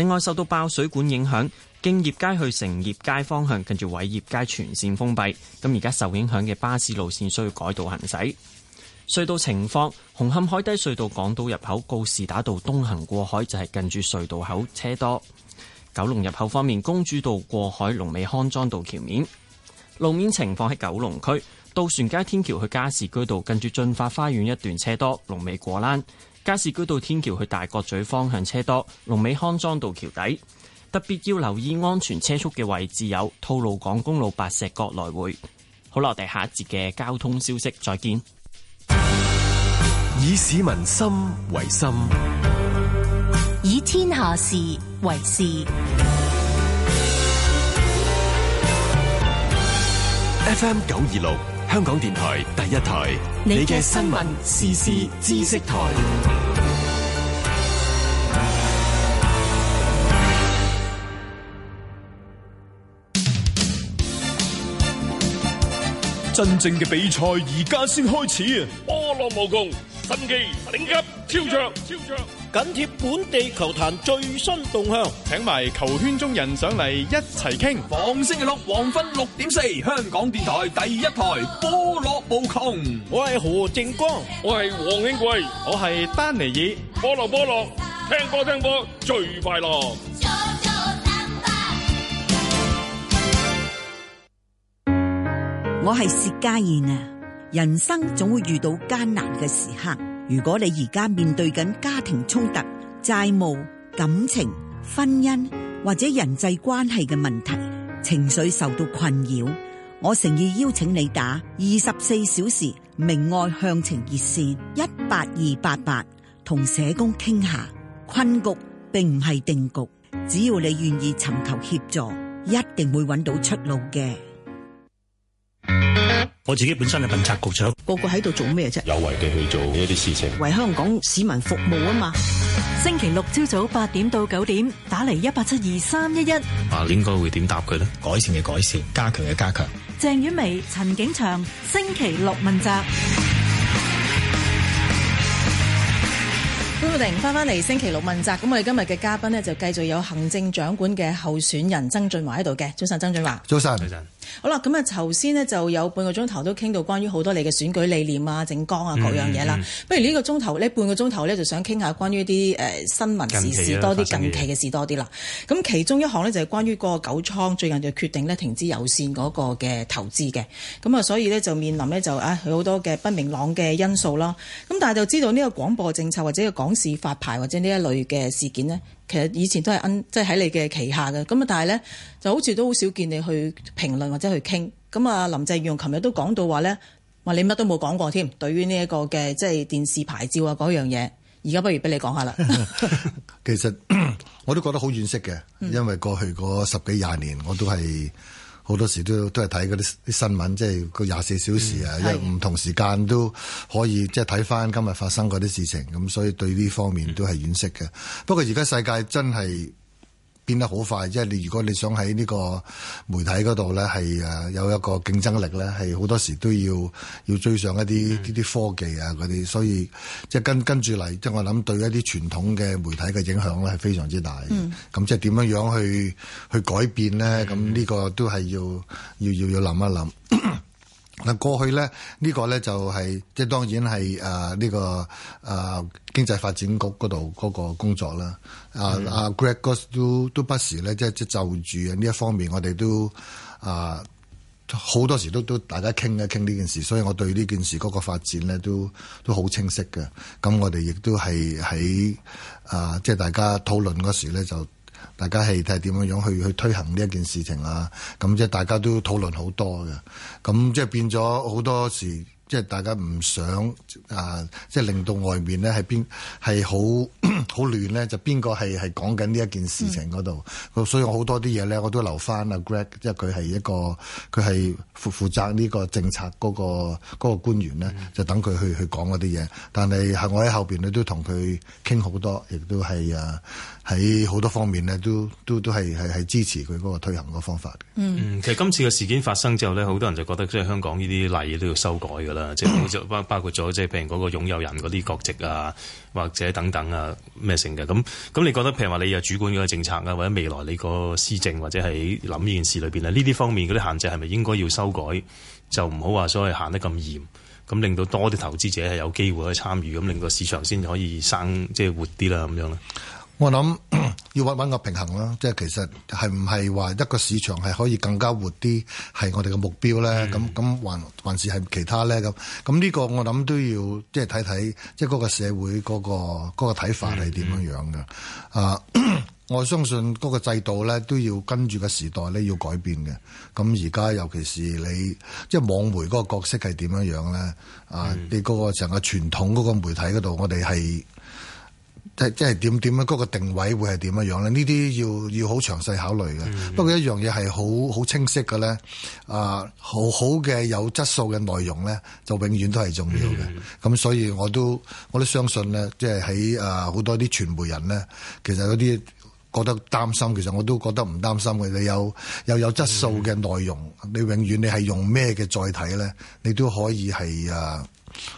[SPEAKER 1] 另外，受到爆水管影響，敬業街去成業街方向近住偉業街全線封閉。咁而家受影響嘅巴士路線需要改道行駛。隧道情況，紅磡海底隧道港島入口告士打道東行過海就係、是、近住隧道口車多。九龍入口方面，公主道過海龍尾康莊道橋面路面情況喺九龍區，渡船街天橋去加士居道近住駿發花園一段車多，龍尾過欄。加士居道天橋去大角咀方向車多，龍尾康莊道橋底，特別要留意安全車速嘅位置有吐露港公路白石角來回。好啦，我哋下一節嘅交通消息再見。以市民心為心，
[SPEAKER 5] 以天下事為事。
[SPEAKER 1] FM 九二六，香港電台第一台，你嘅新聞 時事知識台。
[SPEAKER 2] 真正嘅比賽而家先開始啊！波羅無窮，新機頂級，超長超長，
[SPEAKER 1] 緊貼本地球壇最新動向，請埋球圈中人上嚟一齊傾。放星期六黃昏六點四，4，香港電台第一台波羅無窮。我係何正光，我係黃興貴，我係丹尼爾。波羅波羅，聽歌聽歌最快樂。
[SPEAKER 4] 我係薛家燕啊！人生總會遇到艱難嘅時刻。如果你而家面對緊家庭衝突、債務、感情、婚姻或者人際關係嘅問題，情緒受到困擾，我誠意邀請你打二十四小時明愛向晴熱線一八二八八，同社工傾下。困局並唔係定局，只要你願意尋求協助，一定會揾到出路嘅。
[SPEAKER 1] 我自己本身係問責局長，個個喺度做咩啫？有為嘅去做一啲事情，
[SPEAKER 4] 為香港市民服
[SPEAKER 5] 務啊嘛！星期六朝早八點到九點，打嚟一八七二三一
[SPEAKER 2] 一。啊，應該會點答佢咧？改善嘅改善，加強嘅加強。
[SPEAKER 5] 鄭婉薇、陳景祥，星期六問責。歡迎翻翻嚟星期六問責，咁我哋今日嘅嘉賓呢，就繼續有行政長官嘅候選人曾俊華喺度嘅。早晨，曾俊華。
[SPEAKER 6] 早晨上，早晨。
[SPEAKER 5] 好啦，咁啊，頭先呢就有半個鐘頭都傾到關於好多你嘅選舉理念啊、政綱啊各樣嘢啦。嗯嗯不如呢個鐘頭呢，半個鐘頭呢，就想傾下關於啲誒、呃、新聞時事多啲，近期嘅事多啲啦。咁、嗯、其中一項呢，就係、是、關於個九倉最近就決定咧停止有線嗰個嘅投資嘅，咁、嗯、啊所以呢，就面臨呢，就啊佢好多嘅不明朗嘅因素啦。咁、嗯、但係就知道呢個廣播政策或者個港視發牌或者呢一類嘅事件呢。其實以前都係即係喺你嘅旗下嘅，咁啊，但係咧就好似都好少見你去評論或者去傾。咁啊，林鄭月娥琴日都講到話咧，話你乜都冇講過添，對於呢、這、一個嘅即係電視牌照啊嗰樣嘢，而家不如俾你講下啦。
[SPEAKER 6] 其實我都覺得好惋惜嘅，因為過去嗰十幾廿年我都係。好多時都都係睇嗰啲啲新聞，即係個廿四小時啊，因為唔、嗯、同時間都可以即係睇翻今日發生過啲事情，咁所以對呢方面都係惋惜嘅。不過而家世界真係～變得好快，即係你如果你想喺呢個媒體嗰度咧，係誒有一個競爭力咧，係好多時都要要追上一啲啲啲科技啊嗰啲，所以即係跟跟住嚟，即係我諗對一啲傳統嘅媒體嘅影響咧係非常之大。咁、嗯、即係點樣樣去去改變咧？咁呢個都係要要要要諗一諗。嗯 嗱過去咧，呢、這個咧就係、是、即係當然係誒呢個誒、呃、經濟發展局度個工作啦。嗯、啊阿 Greg 都都不時咧即係即係就住啊呢一方面，我哋都啊好、呃、多時都都大家傾一傾呢件事，所以我對呢件事個發展咧都都好清晰嘅。咁我哋亦都係喺啊即係大家討論時咧就。大家係睇點樣樣去去推行呢一件事情啦，啊，咁即係大家都討論好多嘅，咁即係變咗好多時。即係大家唔想啊，即係令到外面咧係邊係好好亂咧？就邊個係係講緊呢一件事情度？嗯、所以我好多啲嘢咧，我都留翻阿 Greg，即係佢係一個佢係負負責呢個政策、嗰個嗰個官員咧，就等佢去去講啲嘢。但係係我喺後邊咧，都同佢傾好多，亦都係啊喺好多方面咧，都都都係係係支持佢個推行個方法。嗯，其實
[SPEAKER 2] 今次嘅事件發生之後咧，好多人就覺得即係香港呢啲例嘢都要修改㗎啦。即係包包括咗，即係譬如嗰個擁有人嗰啲國籍啊，或者等等啊，咩成嘅咁？咁你覺得譬如話，你又主管嗰個政策啊，或者未來你個施政或者係諗呢件事裏邊咧，呢啲方面嗰啲限制係咪應該要修改？就唔好話所謂限得咁嚴，咁令到多啲投資者係有機會去參與，咁令個市場先可以生即係、就是、活啲啦，咁樣咧。
[SPEAKER 6] 我諗要搵搵個平衡啦，即係其實係唔係話一個市場係可以更加活啲，係我哋嘅目標咧？咁咁還還是係其他咧？咁咁呢個我諗都要即係睇睇，即係嗰個社會嗰個個睇法係點樣樣嘅？啊，是的 我相信嗰個制度咧都要跟住個時代咧要改變嘅。咁而家尤其是你即係網媒嗰個角色係點樣樣咧？啊，是的 你嗰個成個傳統嗰個媒體嗰度，我哋係。即即係點點呢？嗰個定位會係點樣樣呢？呢啲要要好詳細考慮嘅。Mm hmm. 不過一樣嘢係好好清晰嘅呢啊，好好嘅有質素嘅內容呢，就永遠都係重要嘅。咁、mm hmm. 所以我都我都相信呢即係喺啊好多啲傳媒人呢，其實有啲覺得擔心，其實我都覺得唔擔心嘅。你有又有，有質素嘅內容，你永遠你係用咩嘅載體呢？你都可以係啊。呃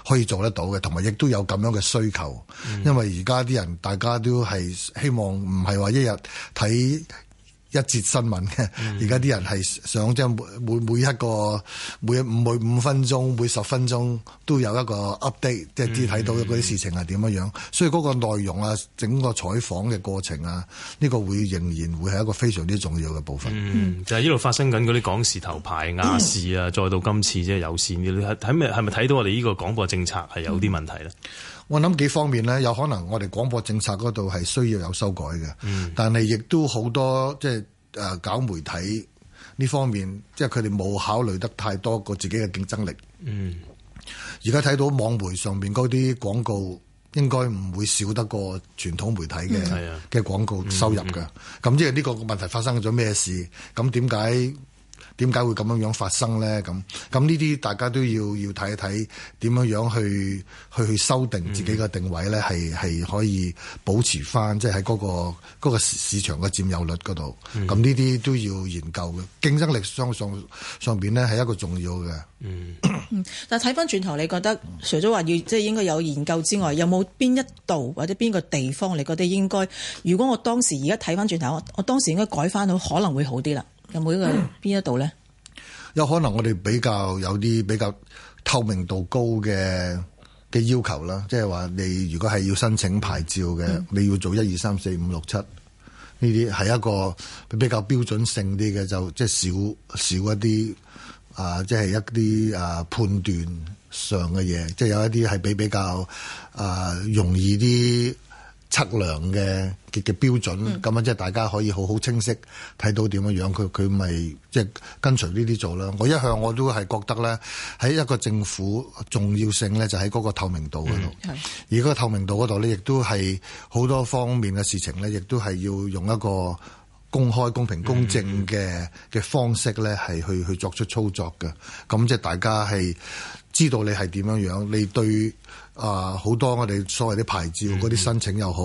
[SPEAKER 6] 可以做得到嘅，同埋亦都有咁樣嘅需求，嗯、因為而家啲人大家都係希望，唔係話一日睇。一節新聞嘅，而家啲人係想即係每每一個每五每五分鐘每十分鐘都有一個 update，嗯、即係睇到嗰啲事情係點樣樣，嗯、所以嗰個內容啊，整個採訪嘅過程啊，呢、呢個會仍然會係一個非常之重要嘅部分。嗯、
[SPEAKER 2] 就係呢度發生緊嗰啲港事頭牌亞視啊，再到今次即係有線嘅，你係睇咩？係咪睇到我哋呢個廣播政策係有啲問題咧？嗯
[SPEAKER 6] 我諗幾方面咧，有可能我哋廣播政策嗰度係需要有修改嘅，嗯、但係亦都好多即係誒搞媒體呢方面，即係佢哋冇考慮得太多過自己嘅競爭力。嗯，而家睇到網媒上面嗰啲廣告，應該唔會少得過傳統媒體嘅嘅、嗯、係啊、廣告收入嘅。咁即係呢個問題發生咗咩事？咁點解？點解會咁樣樣發生咧？咁咁呢啲大家都要要睇一睇點樣樣去去去修訂自己嘅定位咧，係係、嗯、可以保持翻，即係喺嗰個市場嘅佔有率嗰度。咁呢啲都要研究嘅競爭力上面上面呢係一個重要嘅。嗯，
[SPEAKER 5] 但睇翻轉頭，你覺得除咗話要即係應該有研究之外，有冇邊一度或者邊個地方，你覺得應該？如果我當時而家睇翻轉頭，我我當時應該改翻到，可能會好啲啦。有冇一個邊一度咧？
[SPEAKER 6] 有可能我哋比較有啲比較透明度高嘅嘅要求啦，即係話你如果係要申請牌照嘅，你要做一二三四五六七呢啲係一個比較標準性啲嘅，就即係少少一啲啊，即係一啲啊判斷上嘅嘢，即係有一啲係比比較啊容易啲。測量嘅嘅標準咁樣，即係、嗯、大家可以好好清晰睇到點樣樣，佢佢咪即係跟隨呢啲做啦。我一向我都係覺得咧，喺一個政府重要性咧，就喺嗰個透明度嗰度。嗯、而嗰個透明度嗰度咧，亦都係好多方面嘅事情咧，亦都係要用一個。公開、公平、公正嘅嘅方式呢，係去去作出操作嘅。咁即係大家係知道你係點樣樣，你對啊、呃、好多我哋所謂啲牌照嗰啲申請又好，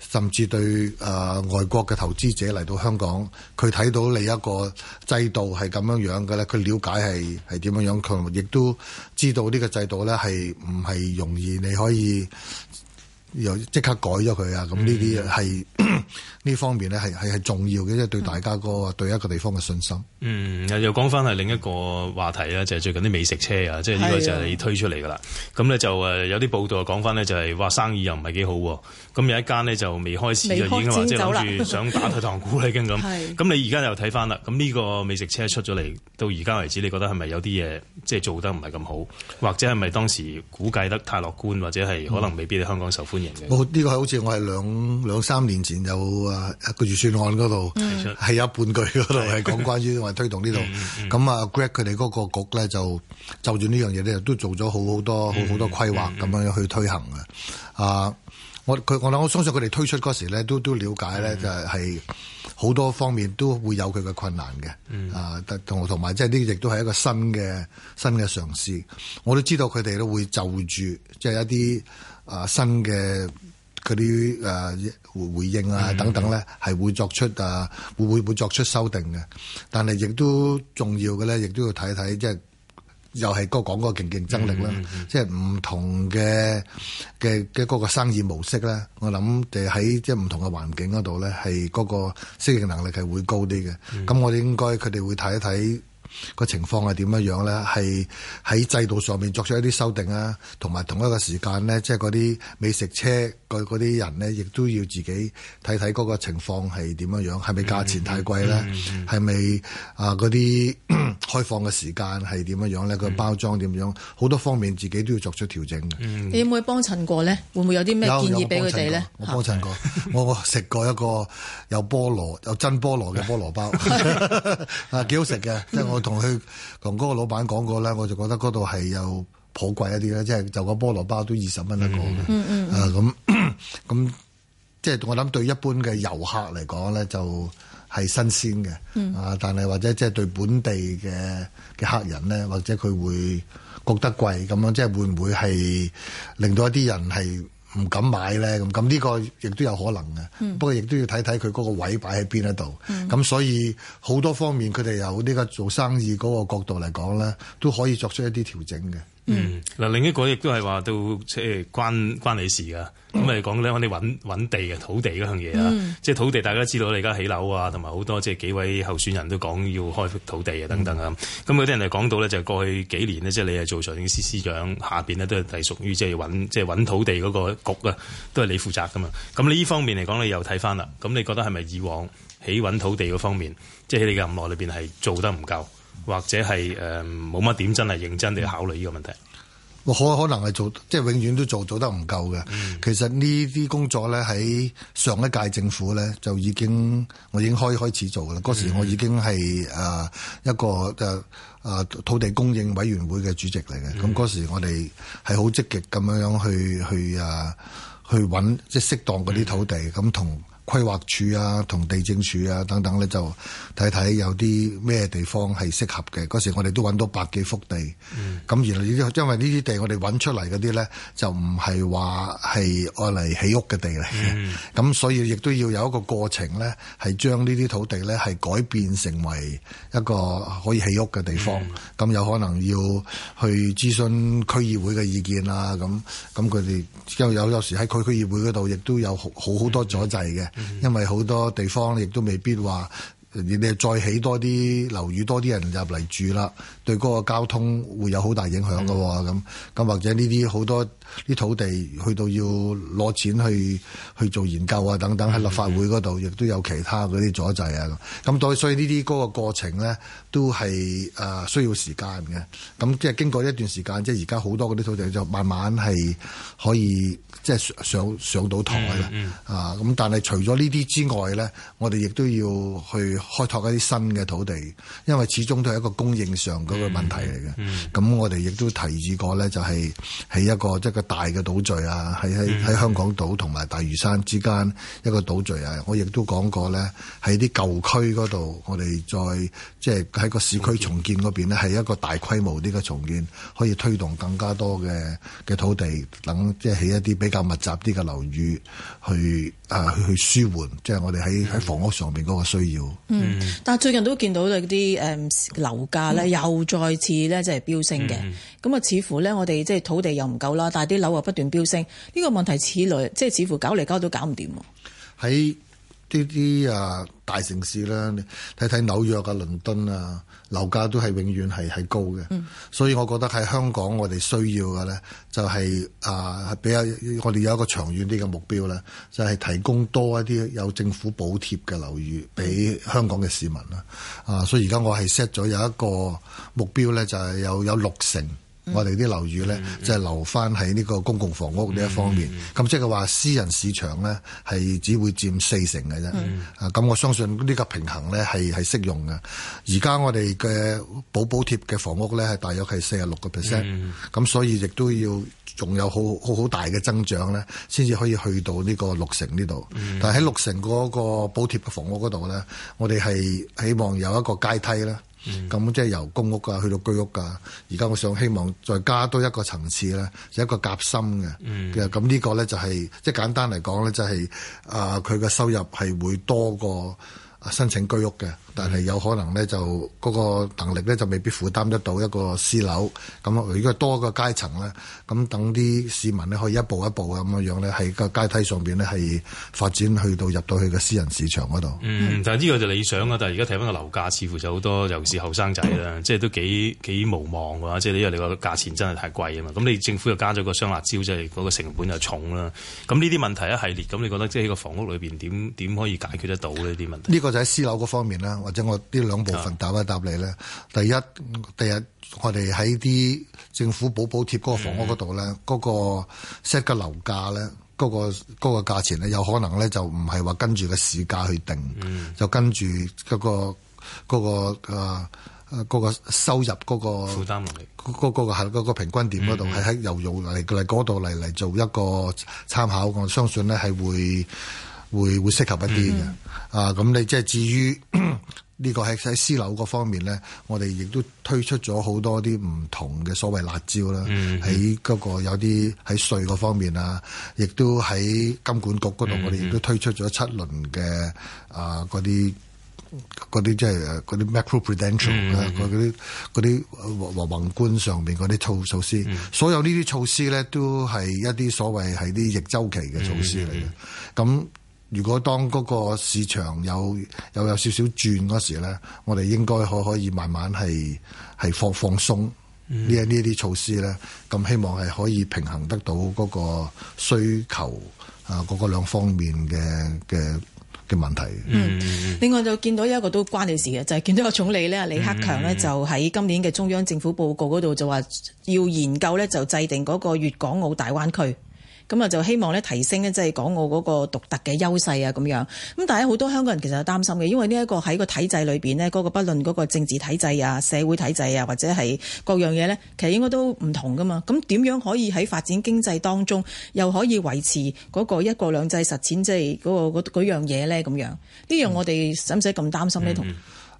[SPEAKER 6] 甚至對啊、呃、外國嘅投資者嚟到香港，佢睇到你一個制度係咁樣樣嘅呢，佢了解係係點樣樣，佢亦都知道呢個制度呢係唔係容易，你可以。又即刻改咗佢啊！咁呢啲係呢方面呢，係係係重要嘅，即係對大家個對一個地方嘅信心。
[SPEAKER 2] 嗯，又講翻係另一個話題啦，就係、是、最近啲美食車啊，即係呢個就係推出嚟噶啦。咁咧的就誒有啲報道講翻呢，就係話生意又唔係幾好。咁有一間呢，就未開始就開已經話即係諗住想打退堂鼓啦，已經咁。咁的你而家又睇翻啦。咁呢個美食車出咗嚟到而家為止，你覺得係咪有啲嘢即係做得唔係咁好，或者係咪當時估計得太樂觀，或者係可能未必喺香港受歡迎？
[SPEAKER 6] 我呢個好似我係兩兩三年前有啊一個預算案嗰度係有半句嗰度係講關於我哋推動呢度咁啊，Greg 佢哋嗰個局咧就就住呢樣嘢咧都做咗好多好多好好多規劃咁樣去推行嘅啊！嗯嗯嗯 uh, 我佢我諗我相信佢哋推出嗰時咧都都瞭解咧就係好多方面都會有佢嘅困難嘅啊！同同埋即係呢亦都係一個新嘅新嘅嘗試，我都知道佢哋都會就住即係、就係、一啲。啊，新嘅嗰啲誒回應啊等等咧，係會作出啊，會會會作出修訂嘅。但係亦都重要嘅咧，亦都要睇睇，即係又係、嗰個、講講個競競爭力啦。Mm hmm. 即係唔同嘅嘅嘅嗰個生意模式咧，我諗就喺即係唔同嘅環境嗰度咧，係嗰個適應能力係會高啲嘅。咁、mm hmm. 我哋應該佢哋會睇一睇。個情況係點樣樣咧？係喺制度上面作出一啲修訂啊，同埋同一個時間咧，即係嗰啲美食車個嗰啲人咧，亦都要自己睇睇嗰個情況係點樣樣，係咪價錢太貴咧？係咪、嗯、啊？嗰啲開放嘅時間係點樣樣咧？個包裝點樣？好多方面自己都要作出調整嘅、嗯。你有
[SPEAKER 5] 冇去幫襯過咧？會唔會有啲咩建議俾佢哋咧？我幫
[SPEAKER 6] 襯過，我食過 過一個有菠蘿、有真菠蘿嘅菠蘿包，啊， 幾好食嘅。即係我。同佢同嗰個老闆講過咧，我就覺得嗰度係又頗貴一啲啦。即係就是，就個菠蘿包都二十蚊一個嘅。嗯嗯嗯，啊咁咁即係我諗對一般嘅遊客嚟講咧，就係，是，新鮮嘅，嗯，啊但係或者即係對本地嘅嘅客人咧，或者佢會覺得貴咁樣，即係會唔會係令到一啲人係？唔敢買咧，咁咁呢個亦都有可能嘅。嗯、不過亦都要睇睇佢嗰個位擺喺邊一度。咁、嗯、所以好多方面，佢哋由呢個做生意嗰個角度嚟講咧，都可以作出一啲調整嘅。
[SPEAKER 2] 嗯，嗱，另一個亦都係話到即係關關你事噶，咁啊講咧，我哋揾地嘅土地嗰樣嘢啊，嗯、即係土地大家知道你而家起樓啊，同埋好多即係幾位候選人都講要開闢土地啊等等啊，咁嗰啲人嚟講到咧，就過去幾年呢，即係你係做財政司司長下邊呢都係係屬於即係揾即係揾土地嗰個局啊，都係你負責噶嘛，咁你呢方面嚟講你又睇翻啦，咁你覺得係咪以往起揾土地嗰方面，即喺你嘅任內裏邊係做得唔夠？或者係誒冇乜點真係認真地考慮呢個問題，
[SPEAKER 6] 可、嗯、可能係做即係永遠都做做得唔夠嘅。嗯、其實呢啲工作咧喺上一屆政府咧就已經我已經開開始做㗎喇。嗰、嗯、時我已經係誒、呃、一個嘅誒、呃、土地供應委員會嘅主席嚟嘅。咁嗰、嗯、時我哋係好積極咁樣去去，去啊去揾即係適當嗰啲土地咁同。嗯規劃署啊，同地政署啊等等咧，就睇睇有啲咩地方係適合嘅。嗰時我哋都揾到百幾幅地，咁而、嗯、因為呢啲地我哋揾出嚟嗰啲咧，就唔係話係愛嚟起屋嘅地嚟嘅，咁、嗯、所以亦都要有一個過程咧，係將呢啲土地咧係改變成為一個可以起屋嘅地方。咁、嗯、有可能要去諮詢區議會嘅意見啊，咁咁佢哋有有時喺區區議會嗰度亦都有好好多阻滯嘅。嗯因為好多地方亦都未必話你你再起多啲樓宇，多啲人入嚟住啦，對嗰個交通會有好大影響嘅喎。咁咁、嗯、或者呢啲好多啲土地去到要攞錢去去做研究啊等等，喺、嗯、立法會嗰度亦都有其他嗰啲阻滯啊。咁咁多所以呢啲嗰個過程咧都係誒需要時間嘅。咁即係經過一段時間，即係而家好多嗰啲土地就慢慢係可以。即係上上，上到台啦，嗯嗯、啊咁！但係除咗呢啲之外咧，我哋亦都要去開拓一啲新嘅土地，因為始終都係一個供應上個問題嚟嘅。咁、嗯嗯嗯、我哋亦都提議過咧，就係、是、起一個即係個大嘅島嶼啊，喺喺喺香港島同埋大嶼山之間一個島嶼啊。我亦都講過咧，喺啲舊區度，我哋再即係喺個市區重建邊咧，係一個大規模啲嘅重建，可以推動更加多嘅嘅土地等，即係起一啲比。比較密集啲嘅樓宇去誒去，呃、去舒緩，即係我哋喺喺房屋上面嗰個需要。嗯，
[SPEAKER 5] 但係最近都見到啲誒樓價咧，呃、又再次咧即係飆升嘅。咁啊，嗯，似乎咧我哋即係土地又唔夠啦，但係啲樓又不斷飆升，呢、呢個問題似來，即係似乎搞嚟搞都搞唔掂。
[SPEAKER 6] 喺啲啲啊大城市啦，你睇睇紐約啊、倫敦啊，樓價都係永遠係係高嘅。嗯、所以我覺得喺香港我，我哋需要嘅咧就係啊比較我哋有一個長遠啲嘅目標咧，就係提供多一啲有政府補貼嘅樓宇俾香港嘅市民啦。啊、嗯，所以而家我係 set 咗有一個目標咧，就係有有六成。我哋啲樓宇咧，就留翻喺呢個公共房屋呢一方面，咁、嗯、即係話私人市場咧係只會佔四成嘅啫。啊、嗯，咁我相信呢個平衡咧係係適用嘅。而家我哋嘅補補貼嘅房屋咧係大約係四十六個 percent，咁所以亦都要仲有好好好大嘅增長咧，先至可以去到呢個六成呢度。但係喺六成嗰個補貼嘅房屋嗰度咧，我哋係希望有一個階梯啦。咁、嗯、即係由公屋啊，去到居屋啊，而家我想希望再加多一個層次咧，就一個夾心嘅，嘅咁呢個咧就係、是、即係簡單嚟講咧，就係啊佢嘅收入係會多過申請居屋嘅。但係有可能咧，就嗰個能力咧就未必負擔得到一個私樓。咁如果多個階層咧，咁等啲市民咧可以一步一步咁樣樣咧喺個階梯上邊咧係發展去到入到去個私人市場嗰度。嗯，
[SPEAKER 2] 但係呢個就理想啊！但係而家睇返個樓價，似乎就好多，尤其是後生仔啦，即係 都幾幾無望㗎嘛！即係因為你個價錢真係太貴啊嘛。咁你政府又加咗個雙辣椒，即係嗰個成本又重啦。咁呢啲問題一系列，咁你覺得即係喺個房屋裏邊點點可以解決得到呢啲問
[SPEAKER 6] 題？呢個就喺私樓嗰方面啦。或者我呢兩部分答一答你咧的，第一、第二，我哋喺啲政府補補貼嗰個房屋嗰度咧，嗰、嗯、個 set 嘅樓價咧，嗰、嗰個嗰、嗰個價錢咧，有可能咧就唔係話跟住個市價去定，嗯、就跟住嗰、嗰個嗰、嗰個、嗰個、啊、嗰個、收入嗰、嗰個負擔能力，嗰、嗰個、嗰個係嗰、嗰個平均點嗰度，係喺由用嚟嚟嗰度嚟嚟做一個參考，我相信咧係會。會會適合一啲嘅，mm hmm. 啊，咁你即係至於呢、 呢個喺喺私樓嗰方面咧，我哋亦都推出咗好多啲唔同嘅所謂辣椒啦，喺嗰、mm hmm. 個有啲喺稅嗰方面啊，亦都喺金管局嗰度，mm hmm. 我哋亦都推出咗七輪嘅啊嗰啲啲即係嗰啲 macroprudential 嗰啲嗰啲宏宏觀上面嗰啲措措施，mm hmm. 所有呢啲措施咧都係一啲所謂係啲逆周期嘅措施嚟嘅，咁、mm。Hmm. Mm 如果當嗰個市場有有有少少轉嗰時咧，我哋應該可可以慢慢係係放放鬆呢一呢一啲措施咧，咁希望係可以平衡得到嗰個需求啊嗰個兩方面嘅嘅嘅問題。嗯，另
[SPEAKER 5] 外就見到一個都關你事嘅，就係見到個總理咧，李克強咧就喺今年嘅中央政府報告嗰度就話要研究咧就制定嗰個粵港澳大灣區。咁啊，就希望咧提升咧，即係港澳嗰個獨特嘅優勢啊，咁樣。咁但係好多香港人其實係擔心嘅，因為呢一個喺個體制裏邊呢嗰個不論嗰個政治體制啊、社會體制啊，或者係各樣嘢呢，其實應該都唔同噶嘛。咁點樣可以喺發展經濟當中，又可以維持嗰個一國兩制實踐，即係嗰個樣嘢呢？咁樣呢樣我哋使唔使咁擔心呢？同、
[SPEAKER 6] 嗯嗯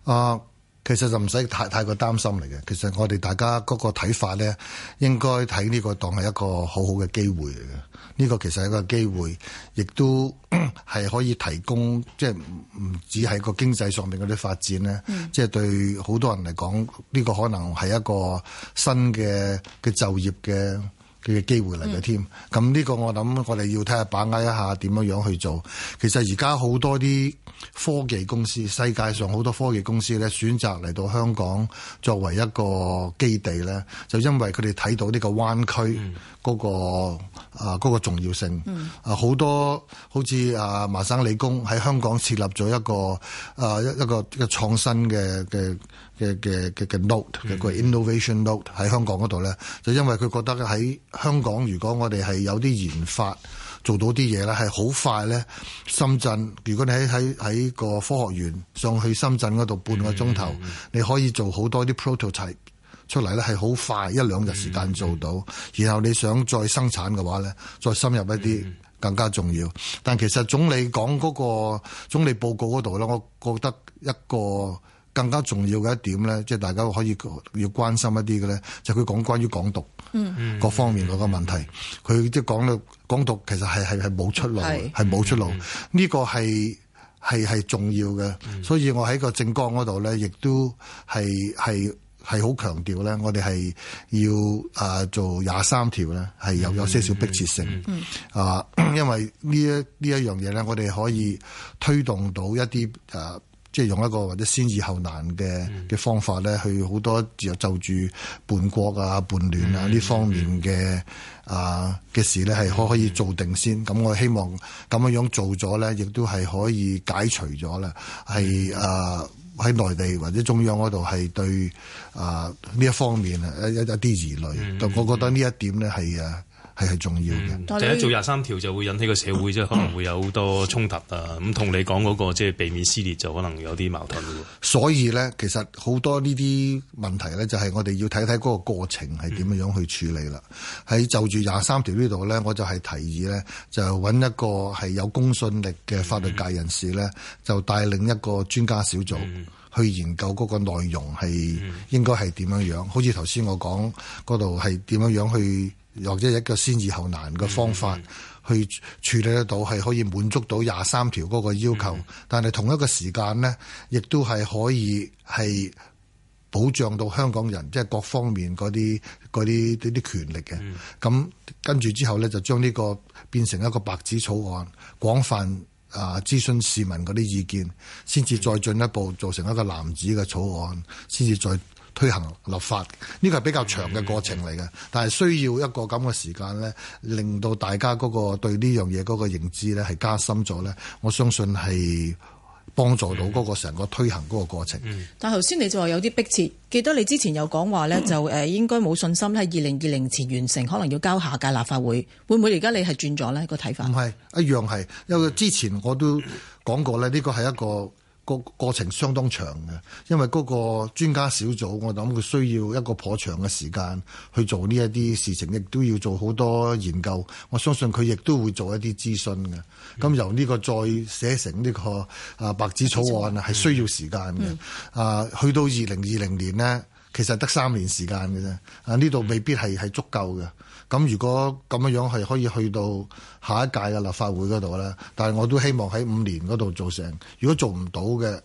[SPEAKER 6] 嗯、啊。其實就唔使太太過擔心嚟嘅，其實我哋大家嗰個睇法咧，應該睇呢個當係一個好好嘅機會嚟嘅。呢個其實係一個機會，亦都係可以提供，即係唔止係個經濟上面嗰啲發展咧，即係、嗯、對好多人嚟講，呢個可能係一個新嘅嘅就業嘅。嘅機會嚟嘅添，咁呢、嗯、個我諗我哋要睇下把握一下點樣樣去做。其實而家好多啲科技公司，世界上好多科技公司咧，選擇嚟到香港作為一個基地咧，就因為佢哋睇到呢個灣區嗰、嗰個、嗯、啊嗰、嗰個、重要性。嗯、啊，多好多好似啊麻省理工喺香港設立咗一個啊一一個個創新嘅嘅。嘅嘅嘅嘅 note 嘅個 innovation note 喺香港嗰度咧，就因為佢覺得喺香港，如果我哋係有啲研發做到啲嘢咧，係好快咧。深圳，如果你喺喺喺個科學園上去深圳嗰度半個鐘頭，嗯、你可以做好多啲 prototype 出嚟咧，係好快一兩日時間做到。嗯、然後你想再生產嘅話咧，再深入一啲更加重要。但其實總理講嗰個總理報告嗰度咧，我覺得一個。更加重要嘅一點咧，即、就、係、是、大家可以要關心一啲嘅咧，就係佢、是、講關於港獨，嗯嗯，各方面嗰個問題，佢即係講到港獨其實係係係冇出路，係冇是出路，呢、嗯、個係係係重要嘅。嗯、所以我喺個政綱嗰度咧，亦都係係係好強調咧，我哋係要啊做廿三條咧，係有有些少迫切性啊、嗯嗯呃，因為呢一呢一樣嘢咧，我哋可以推動到一啲啊。呃即係用一個或者先易後難嘅嘅方法咧，去好多又就住叛國叛、嗯、啊、叛亂啊呢方面嘅啊嘅事咧，係可可以做定先。咁、嗯、我希望咁樣樣做咗咧，亦都係可以解除咗啦。係啊、嗯，喺、呃、內地或者中央嗰度係對啊呢、呃、一方面啊一一啲疑慮。嗯、但我覺得呢一點咧係啊。係係重要嘅，第一、嗯就是、做
[SPEAKER 2] 廿三條就會引起個社會即係、嗯、可能會有好多衝突啊！咁同、嗯、你講嗰、嗰個即係、就是、避免撕裂，就可能有啲矛盾咯。
[SPEAKER 6] 所以咧，其實好多呢啲問題咧，就係我哋要睇睇嗰個過程係點樣樣去處理啦。喺、嗯、就住廿三條呢度咧，我就係提議咧，就揾一個係有公信力嘅法律界人士咧，嗯、就帶領一個專家小組去研究嗰個內容係應該係點樣樣。嗯、好似頭先我講嗰度係點樣樣去。或者一個先易後難嘅方法去處理得到，係、嗯、可以滿足到廿三條嗰個要求。嗯、但係同一個時間呢，亦都係可以係保障到香港人即係、就是、各方面嗰啲嗰啲啲啲權力嘅。咁、嗯、跟住之後呢，就將呢個變成一個白紙草案，廣泛啊諮詢市民嗰啲意見，先至再進一步做成一個藍紙嘅草案，先至再。推行立法，呢個係比較長嘅過程嚟嘅，但係需要一個咁嘅時間咧，令到大家嗰個對呢樣嘢嗰個認知咧係加深咗咧，我相信係幫助到嗰個成個推行嗰個過程。嗯、
[SPEAKER 5] 但頭先你就話有啲迫切，記得你之前有講話咧，嗯、就誒應該冇信心喺二零二零前完成，可能要交下屆立法會會唔會。而家你係轉咗咧個睇法？唔係，一樣係，因為
[SPEAKER 6] 之前我都講過咧，呢個係一個。個過程相當長嘅，因為嗰個專家小組，我諗佢需要一個頗長嘅時間去做呢一啲事情，亦都要做好多研究。我相信佢亦都會做一啲諮詢嘅。咁、嗯、由呢個再寫成呢個啊白紙草案啊，係需要時間嘅。啊、嗯，去到二零二零年呢，其實得三年時間嘅啫。啊，呢度未必係係足夠嘅。咁如果咁嘅樣係可以去到下一屆嘅立法會嗰度呢？但係我都希望喺五年嗰度做成。如果做唔到嘅，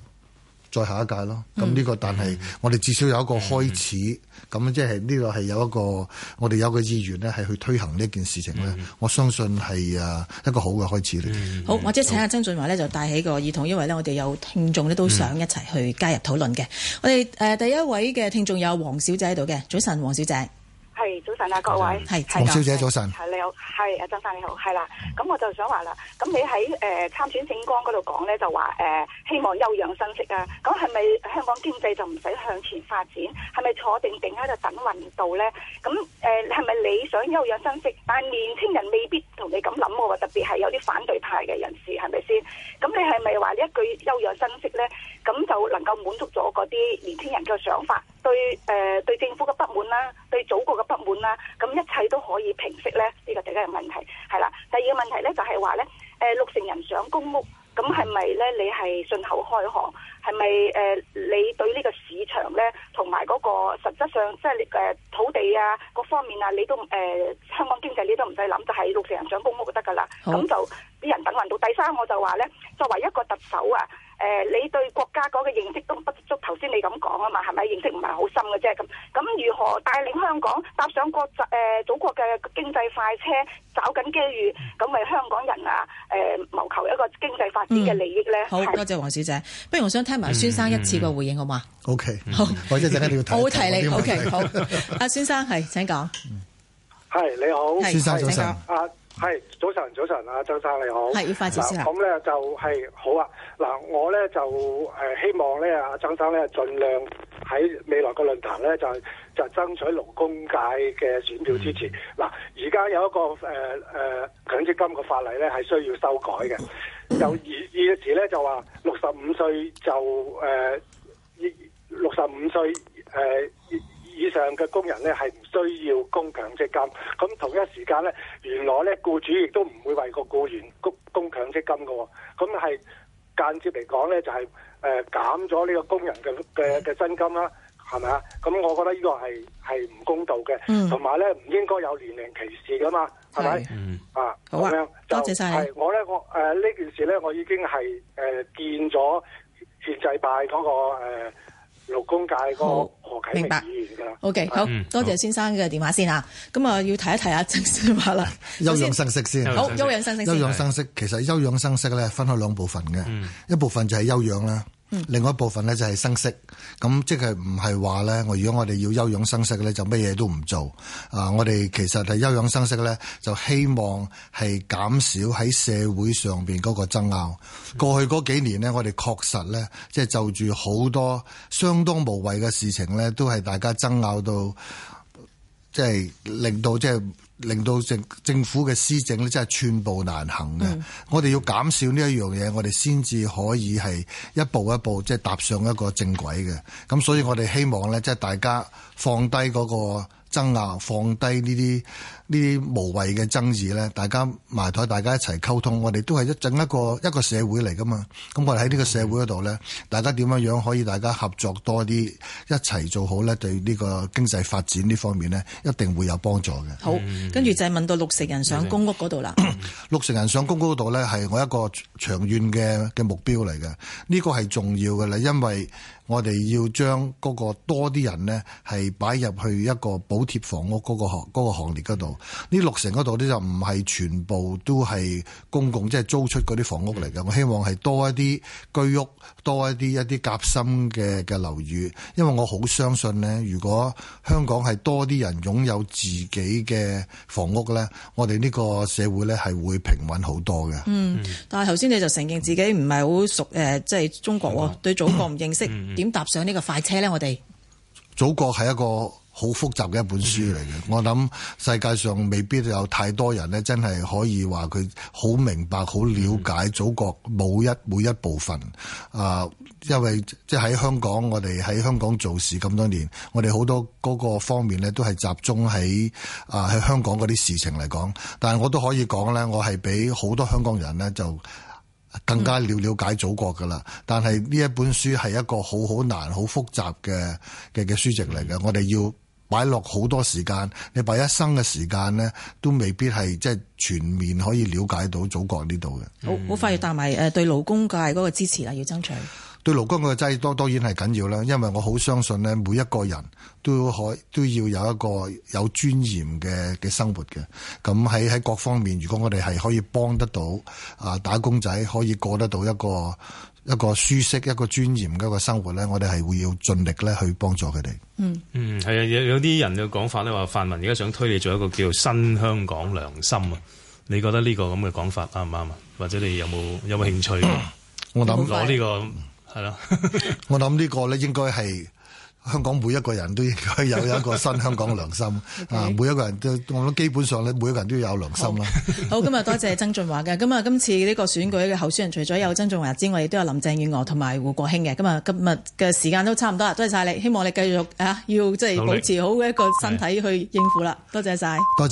[SPEAKER 6] 再下一屆咯。咁呢、嗯呢個但係我哋至少有一個開始，咁即係呢個係有一個我哋有個意願咧，係去推行呢件事情呢。嗯、我相信係啊一個好嘅開始嚟。嗯嗯、好，我
[SPEAKER 5] 即係請阿曾俊華呢就帶起個耳筒，因為呢，我哋有聽眾咧都想一齊去加入討論嘅。嗯、我哋誒第一位嘅聽眾有黃小姐喺度嘅，早晨黃小姐。
[SPEAKER 4] 早晨啊，各位，黃小姐是早晨，你好，係啊，曾生你好，係啦，咁我就想話啦，咁你喺誒、呃、參選政綱嗰度講咧，就話誒、呃、希望休養生息啊，咁係咪香港經濟就唔使向前發展？係咪坐定定喺度等運到咧？咁誒，係、呃、咪你想休養生息？但係年輕人未必同你咁諗，特別係有啲反對派嘅人士係咪先？咁你係咪話一句休養生息咧？咁就能夠滿足咗嗰啲年輕人嘅想法，對誒、呃、對政府嘅不滿啦，對祖國嘅不？滿啦，咁一切都可以平息咧。呢個第一個問題係啦，第二個問題咧就係話咧，誒，六成人上公屋，咁係咪咧你係信口開河？係咪誒你對呢個市場咧，同埋嗰個實質上即係誒土地啊各方面啊，你都誒香港經濟你都唔使諗，就係六成人上公屋就得噶啦，咁就。啲人等運到第三，我就話咧，作為一個特首啊，誒，你對國家嗰個認識都不足。頭先你咁講啊嘛，係咪認識唔係好深嘅啫？咁咁如何帶領香港搭上國際誒祖國嘅經濟快車，找緊機遇，咁咪香港人啊誒，謀求一個經濟發展嘅利益咧？好多
[SPEAKER 5] 謝黃小姐。不如我想聽埋先生一次嘅回應，好嗎
[SPEAKER 6] ？O K。好，我即刻都要睇。我會提你。O K。好，
[SPEAKER 5] 阿先生係請講。
[SPEAKER 6] 係你好，先生早晨。係早晨，早晨啊，曾生你好。係要咁咧就係好啊。嗱、啊，我咧就誒、呃、希望咧阿曾生咧盡量喺未來個論壇咧就就爭取勞工界嘅選票支持。嗱、嗯，而家、啊、有一個誒誒強積金嘅法例咧係需要修改嘅。就以二月時咧就話六十五歲就誒六十五歲誒。呃以上嘅工人咧係唔需要供強積金，咁同一時間咧，原來咧僱主亦都唔會為個僱員供供強積金嘅喎，咁係間接嚟講咧就係誒減咗呢個工人嘅嘅嘅薪金啦，係咪啊？咁我覺得呢個係係唔公道嘅，同埋咧唔應該有年齡歧視嘅嘛，係咪、嗯、啊？好啊，就多謝曬。我咧我誒呢、呃、件事咧我已經係誒、呃、見咗憲制派嗰、那個、呃呃
[SPEAKER 4] 勞工
[SPEAKER 5] 界個何啟明議員噶啦，OK，好、嗯、多謝先生嘅電話先吓，咁啊要提一提阿曾生話啦，休養生
[SPEAKER 6] 息先，好休養生息，休養生息，養生息其實休養生息咧分開兩部分嘅，嗯、一部分就係休養啦。另外一部分咧就係生息，咁即係唔係話咧，我如果我哋要休養生息咧，就乜嘢都唔做啊、呃！我哋其實係休養生息咧，就希望係減少喺社會上邊嗰個爭拗。過去嗰幾年呢，我哋確實咧，即係就住、是、好多相當無謂嘅事情咧，都係大家爭拗到，即、就、係、是、令到即係。令到政政府嘅施政咧，真係寸步難行嘅、嗯。我哋要減少呢一樣嘢，我哋先至可以係一步一步，即係踏上一個正軌嘅。咁所以我哋希望呢，即係大家放低嗰個爭拗，放低呢啲。呢啲無謂嘅爭議咧，大家埋台，大家一齊溝通。我哋都係一整一個一個社會嚟噶嘛。咁我哋喺呢個社會嗰度咧，大家點樣樣可以大家合作多啲，一齊做好咧，對呢個經濟發展呢方面咧，一定會有幫助嘅。
[SPEAKER 1] 好，
[SPEAKER 5] 跟住就係問到六成人上公屋嗰度啦。
[SPEAKER 6] 六成人上公屋嗰度咧，係我一個長遠嘅嘅目標嚟嘅。呢、呢個係重要嘅啦，因為我哋要將嗰個多啲人呢，係擺入去一個補貼房屋嗰個行嗰、嗰個行列嗰度。呢六成嗰度咧就唔係全部都係公共，即係租出嗰啲房屋嚟嘅。我希望係多一啲居屋，多一啲一啲夾心嘅嘅樓宇。因為我好相信呢，如果香港係多啲人擁有自己嘅房屋呢，我哋呢個社會呢係會平穩好多嘅。嗯，
[SPEAKER 5] 但係頭先你就承認自己唔係好熟誒，即係中國，嗯、對祖國唔認識，點搭，嗯，上呢個快車呢？我哋
[SPEAKER 6] 祖國係一個。好複雜嘅一本書嚟嘅，我諗世界上未必有太多人呢，真係可以話佢好明白、好了解祖國每一每一部分啊、呃。因為即喺香港，我哋喺香港做事咁多年，我哋好多嗰個方面呢，都係集中喺啊喺香港嗰啲事情嚟講。但係我都可以講呢，我係比好多香港人呢，就更加了了解祖國㗎啦。但係呢一本書係一個好好難、好複雜嘅嘅嘅書籍嚟嘅，我哋要。擺落好多時間，你把一生嘅時間咧，都未必係即係全面可以了解到祖國呢度嘅。好，
[SPEAKER 5] 嗯，我呼籲帶埋誒對勞工界嗰個支持啦，要爭取。
[SPEAKER 6] 對勞工嘅制度，當然係緊要啦，因為我好相信咧，每一個人都可都要有一個有尊嚴嘅嘅生活嘅。咁喺喺各方面，如果我哋係可以幫得到啊打工仔，可以過得到一個。一個舒適、一個尊嚴嘅一個生活咧，我哋係會要盡力咧去幫助佢哋。嗯嗯，
[SPEAKER 2] 係啊、嗯，有有啲人嘅講法咧，話泛民而家想推你做一個叫新香港良心啊？你覺得呢個咁嘅講法啱唔啱啊？或者你有冇有冇興趣？
[SPEAKER 6] 我諗攞呢
[SPEAKER 2] 個係咯，
[SPEAKER 6] 我諗呢個咧應該係。香港每一個人都應該有一個新香港良心啊！ Okay. 每一個人都我諗基本上咧，每一個人都有良心啦。好，
[SPEAKER 5] 好，今日多謝曾俊華嘅。咁啊，今次呢個選舉嘅候選人，除咗有曾俊華之外，亦都有林鄭月娥同埋胡國興嘅。咁啊，今日嘅時間都差唔多啦，多謝晒你。希望你繼續啊，要即係保持好嘅一個身體去應付啦。力多謝晒。